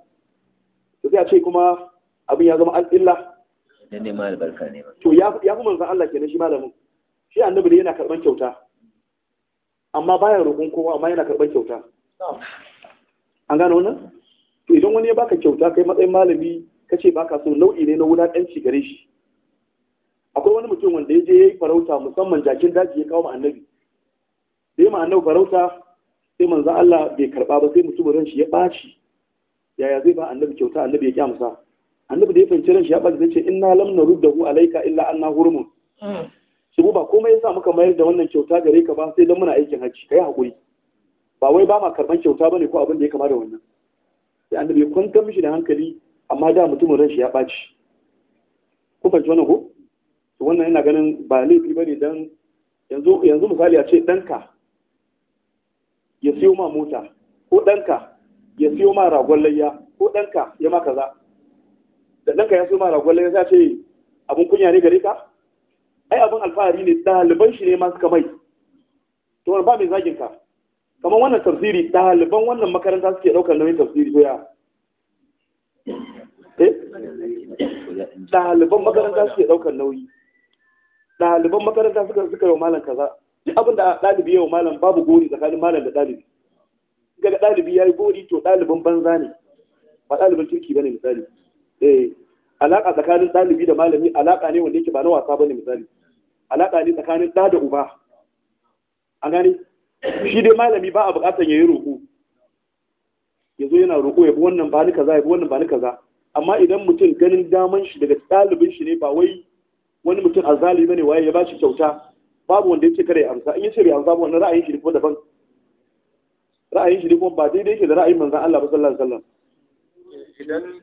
S1: sai a ce kuma abin ya zama al'illa
S2: dan ne ma albarka ne
S1: to ya fi kuma manzon Allah kenan shi malamin shi annabi ne yana karɓar kyauta amma baya roƙon kowa amma yana karɓar kyauta an gano wannan to idan wani ya baka kyauta kai matsayin malami ka ce baka so nau'i ne na wulaƙanci gare shi akwai wani mutum wanda ya je ya yi farauta musamman jakin daji ya kawo ma annabi da ya ma annabi farauta sai manzon Allah bai karɓa ba sai mutumin ran shi ya ɓaci yaya zai ba annabi kyauta annabi ya kyamsa annabi da ya fahimci ran shi ya ɓaci ce inna lam naruddahu alayka illa anna hurmun hmm. shi ba komai yasa muka mayar da wannan kyauta gare ka ba sai dan muna aikin hajji kai hakuri ba wai ba ma karban kyauta bane ko abin da ya kama da wannan sai annabi ya kwantar mishi da hankali amma da mutumin ran shi ya ɓaci ku fahimci wannan ko to wannan yana ganin ba laifi bane dan yanzu yanzu misali a ce ka ya siyo ma mota ko ka ya siyo ma ragon layya ko ka ya ma kaza da ɗanka ya so ma ragon ya ce abin kunya ne gare ka ai abin alfahari ne ɗaliban shi ne ma suka mai to wani ba mai zagin ka kamar wannan tafsiri ɗaliban wannan makaranta suke ɗaukar nauyin tafsiri to ya eh? ɗaliban makaranta suke ɗaukar nauyi ɗaliban makaranta suka suka yau malam kaza duk abin da ɗalibi yau malam babu gori tsakanin malam da ɗalibi ga ɗalibi ya yi gori to ɗaliban banza ne ba ɗaliban kirki ba ne misali Eh, alaƙa tsakanin ɗalibi da malami alaƙa ne wanda yake ba na wasa ba ne misali alaƙa ne tsakanin ɗa da uba a gani shi dai malami ba a buƙatar ya yi roƙo ya zo yana roƙo ya bi wannan ba ni kaza ya bi wannan ba ni kaza amma idan mutum ganin daman shi daga ɗalibin shi ne ba wai wani mutum azali bane waye ya ba shi kyauta babu wanda yake kare amsa in yace bai amsa ba wannan ra'ayin shi ne kuma daban ra'ayin shi ne kuma ba daidai yake da ra'ayin manzon Allah ba sallallahu alaihi
S2: wasallam idan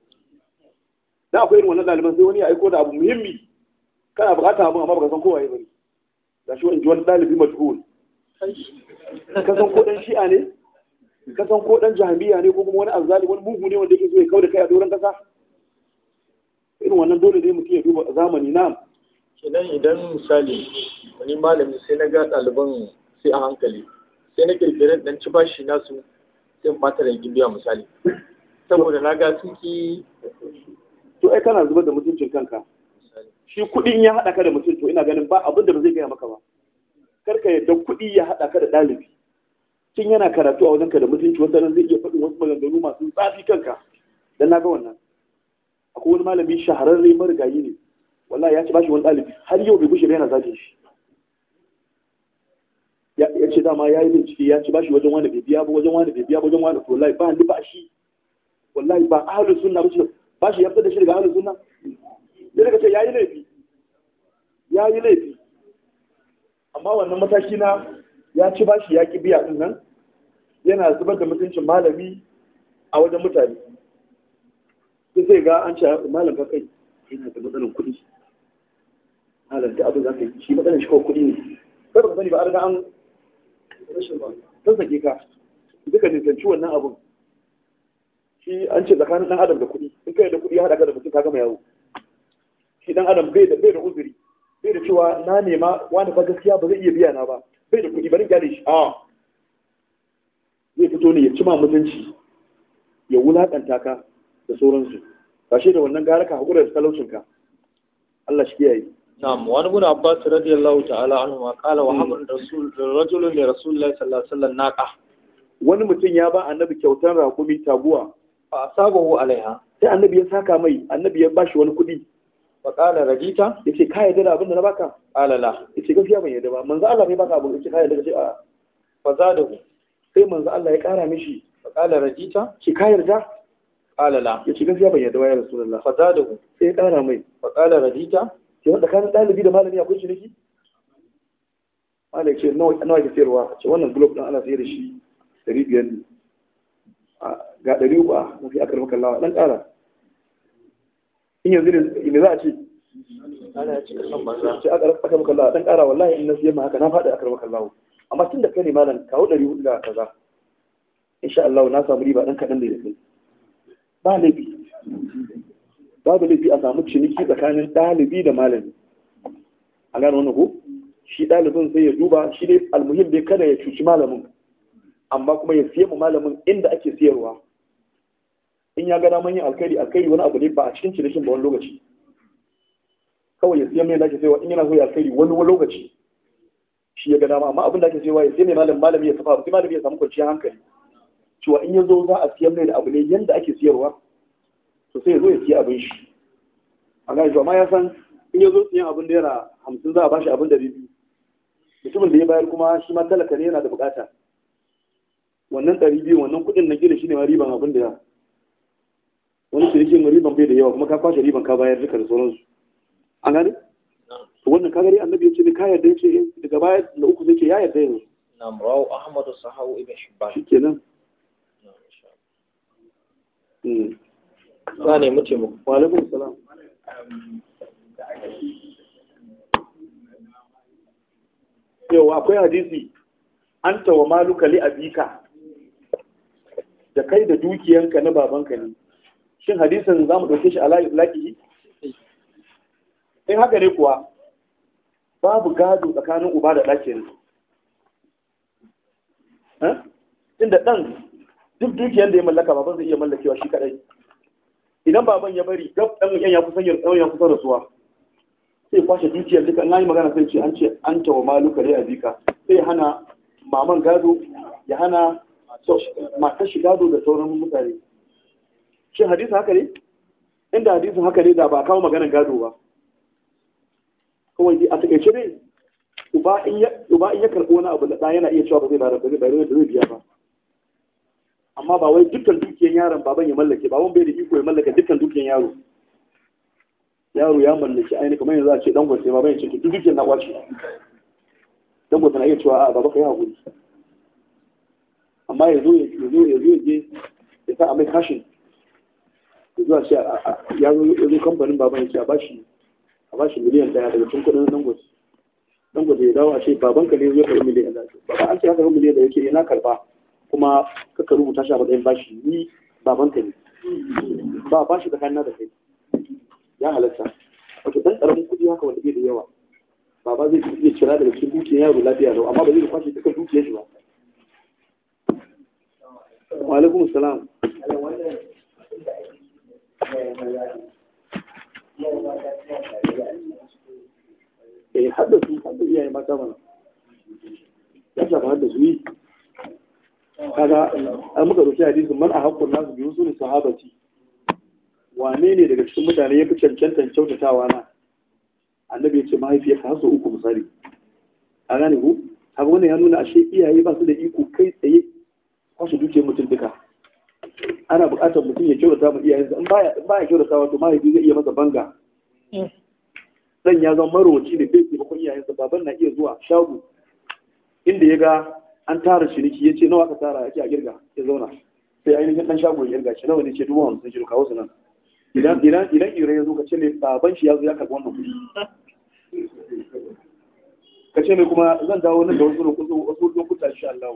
S1: da akwai irin wannan ɗaliban sai wani ya aiko da abu muhimmi kana buƙatar abu amma baka san kowa ya bari da shi wani wani ɗalibi majhul ka san ko ɗan shi'a ne ka san ko ɗan jahamiya ne ko kuma wani azzali wani mugu ne wanda yake so ya da kai a doron ƙasa irin wannan dole ne mutum ya duba zamani na kenan idan misali wani malami sai na ga ɗaliban sai a hankali sai na kirkirar dan ci bashi nasu sai in da gibiya misali saboda na ga suke to ai kana zubar da mutuncin kanka shi kuɗin ya haɗa ka da mutum to ina ganin ba abin da ba zai gaya maka ba kar ka yadda kuɗi ya haɗa ka da ɗalibi tun yana karatu a wajenka da mutunci wata nan zai iya faɗin wasu maganganu masu tsafi kanka dan na ga wannan akwai wani malami shahararre marigayi ne wallahi ya ci bashi wani ɗalibi har yau bai gushe ba yana zagin shi ya ce dama ya yi bincike ya ci bashi wajen wani bai biya ba wajen wani bai biya ba wajen wani to wallahi ba ni ba shi wallahi ba ahlus sunna ba ba shi yafi da shi daga ahlus suna. ya daga ce yi laifi Ya yi laifi amma wannan mataki na ya ci ba shi ya ki biya din nan yana zubar da mutuncin malami a wajen mutane sai sai ga an ce malam ka kai yana da matsalar kuɗi malam ta abin za ka yi shi matsalar shi kawai kuɗi ne kai baka sani ba an riga an rashin ba sake ka duka nisanci wannan abun shi an ce tsakanin ɗan adam da kuɗi ya haɗa ka da mutum ka gama yawo shi dan adam bai da bai da uzuri bai da cewa na nema wani fa gaskiya ba zai iya biya na ba bai da kuɗi bari gyare shi a zai fito ne ya ci ma mutunci ya wulaƙanta ka da sauransu kashe da wannan gara ka haƙura da talaucinka Allah shi kiyaye na'am wani ابن abbas radiyallahu ta'ala anhu عنهما قال wa رسول rasul لرسول الله صلى sallallahu alaihi wasallam naqa wani mutum ya ba annabi kyautar rakumi taguwa fa asabahu alaiha sai annabi ya saka mai annabi ya bashi wani kuɗi faƙala rajita ya ce ka yarda da abin da na baka alala ya ce gafiya ban yarda ba manzo Allah mai baka abu ya ce ka yarda ce a faza da ku sai manzo Allah ya ƙara mishi faƙala rajita ce kayan da alala ya ce gafiya ban yarda ba ya rasulullah faza da ku sai ya ƙara mai faƙala rajita ce wanda kan dalibi da malami akwai ciniki malai ce nawa ke sayarwa ce wannan globe ɗin ana sayar da shi ɗari biyar ne ga ɗari uku a mafi akar kallawa. ɗan ƙara in yanzu ne za a ce ce kasan banza ce aka aka maka Allah dan ƙara wallahi in na siya haka na faɗi aka maka kallawa. amma tun da kai ne malam kawo ɗari hudu da kaza insha Allah na samu riba ɗan kaɗan da ya kai ba laifi babu laifi a samu ciniki tsakanin ɗalibi da malami a gano wani ko shi ɗalibin sai ya duba shi ne almuhim bai kada ya cuci malamin amma kuma ya siya mu malamin inda ake siyarwa in ya gada manyan alkhairi alkhairi wani abu ne ba a cikin cinikin ba wani lokaci kawai ya siya mai da ke saiwa in yana so ya alkhairi wani wani lokaci shi ya gada ma amma abin da ake saiwa ya siya mai malam malami ya safa sai malami ya samu kwanciyar hankali cewa in ya zo za a siya mai da abu ne yanda ake siyarwa to sai ya zo ya siya abin shi a gane amma ya san in ya zo siyan abin yana hamsin za a bashi abin da biyu mutumin da ya bayar kuma shi ma talaka ne yana da bukata wannan ɗari biyu wannan kuɗin na gida shi ne ma riban abin da ya wani cinikin riban bai da yawa kuma ka kwashe riban ka bayar duka sauransu an gane to wannan kagari annabi ya ce ne ka yarda ya ce eh, daga baya da uku zai ce ya yarda yanzu na'am rawu ahmad sahawu ibn shibban shikenan hmm. za ne mu taimako wa alaikum salam yau akwai hadisi An wa maluka li abika da kai da dukiyanka na babanka ne shin hadisin za mu ɗauke shi a laƙihi in haka ne kuwa babu gado tsakanin uba da ɗakin eh? inda ɗan duk dukiyar da ya mallaka baban zai iya mallakewa shi kaɗai idan baban ya bari gab ɗan yan ya kusan ɗan ya kusan rasuwa sai kwashe dukiyar duka na yi magana sai ce an ce an wa maluka ya zika sai ya hana maman gado ya hana matar gado da sauran mutane shi hadisi haka ne inda hadisi haka ne da ba kawo maganar gado ba kawai a takaice ne uba in ya karɓi wani abu da yana iya cewa ba zai bayar da zai biya ba amma ba wai dukkan dukiyan yaron baban ya mallake baban bai da iko ya mallaka dukkan dukiyan yaro yaro ya mallaki ainihin kamar yanzu a ce dan gwasa baban ya ce duk dukiyan na kwace dan gwasa na iya cewa a baba ka yi hakuri amma ya zo ya zo ya je ya sa a mai kashin zuwa shi ya zo kamfanin baban ya ce a bashi a bashi miliyan daya daga cikin kudin dangote dangote ya dawo a ce baban ka ne zai karbi miliyan daya baba an ce haka karbi miliyan da yake yana eh, karba kuma kaka rubuta shi a matsayin bashi ni baban ka ne ba bashi da na da kai ya halatta wato dan karamin kudi haka wanda bai da yawa baba zai iya cira daga cikin dukiyar yaro lafiya lau amma ba zai kwashe duka dukiyar shi ba wa alaikum salam eh hadda su hadda iyaye mata mana ya shafa hadda yi kaga an muka dauki hadisin man a hakkun nasu biyu su ne sahabati wane ne daga cikin mutane ya fi cancantan kyautatawa na annabi ya ce mahaifiyarka har sau uku misali a gane ku haka wannan ya nuna ashe iyaye ba su da iko kai tsaye kwashe duke mutum duka ana buƙatar mutum ya kyautata ma iyayensa in baya kyautata wato mahaifi zai iya masa banga mm. dan ya zama marowaci da bai taimakon iyayensa baban na iya zuwa shago inda ya ga an tara ciniki ya ce nawa ka tara ake a girga ya zauna sai ainihin dan shago ya girga shi nawa ne ce dubu hamsin shi ka su nan idan idan idan ire ya zo ka ce mai baban shi ya zo ya karɓi wannan kuɗi ka ce mai kuma zan dawo nan da wasu lokuta wasu lokuta insha Allah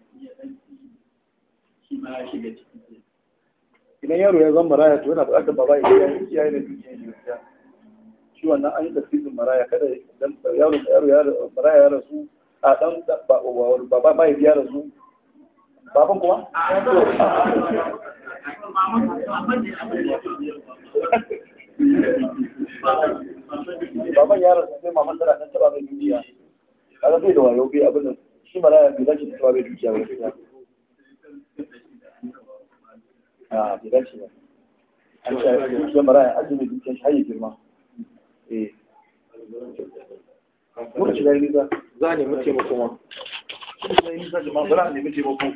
S1: idan yaro ya zama maraya to yana buƙatar baba ya yi ya yi da dukiyar gaskiya shi wannan an yi tasirin maraya kada dan yaro yaro ya maraya ya rasu a dan baba ba ya biya rasu baban kuma baban ya rasu sai maman tana dan taba mai duniya kaga zai da wayo bai abin shi maraya bai zaki taba mai dukiya gaskiya a bai dace ba
S2: an ce dukiyar
S1: maraya a zuwa dukiyar shi har ya girma eh muka shiga nemi taimako ma kuma yi za jama'a ba za nemi taimako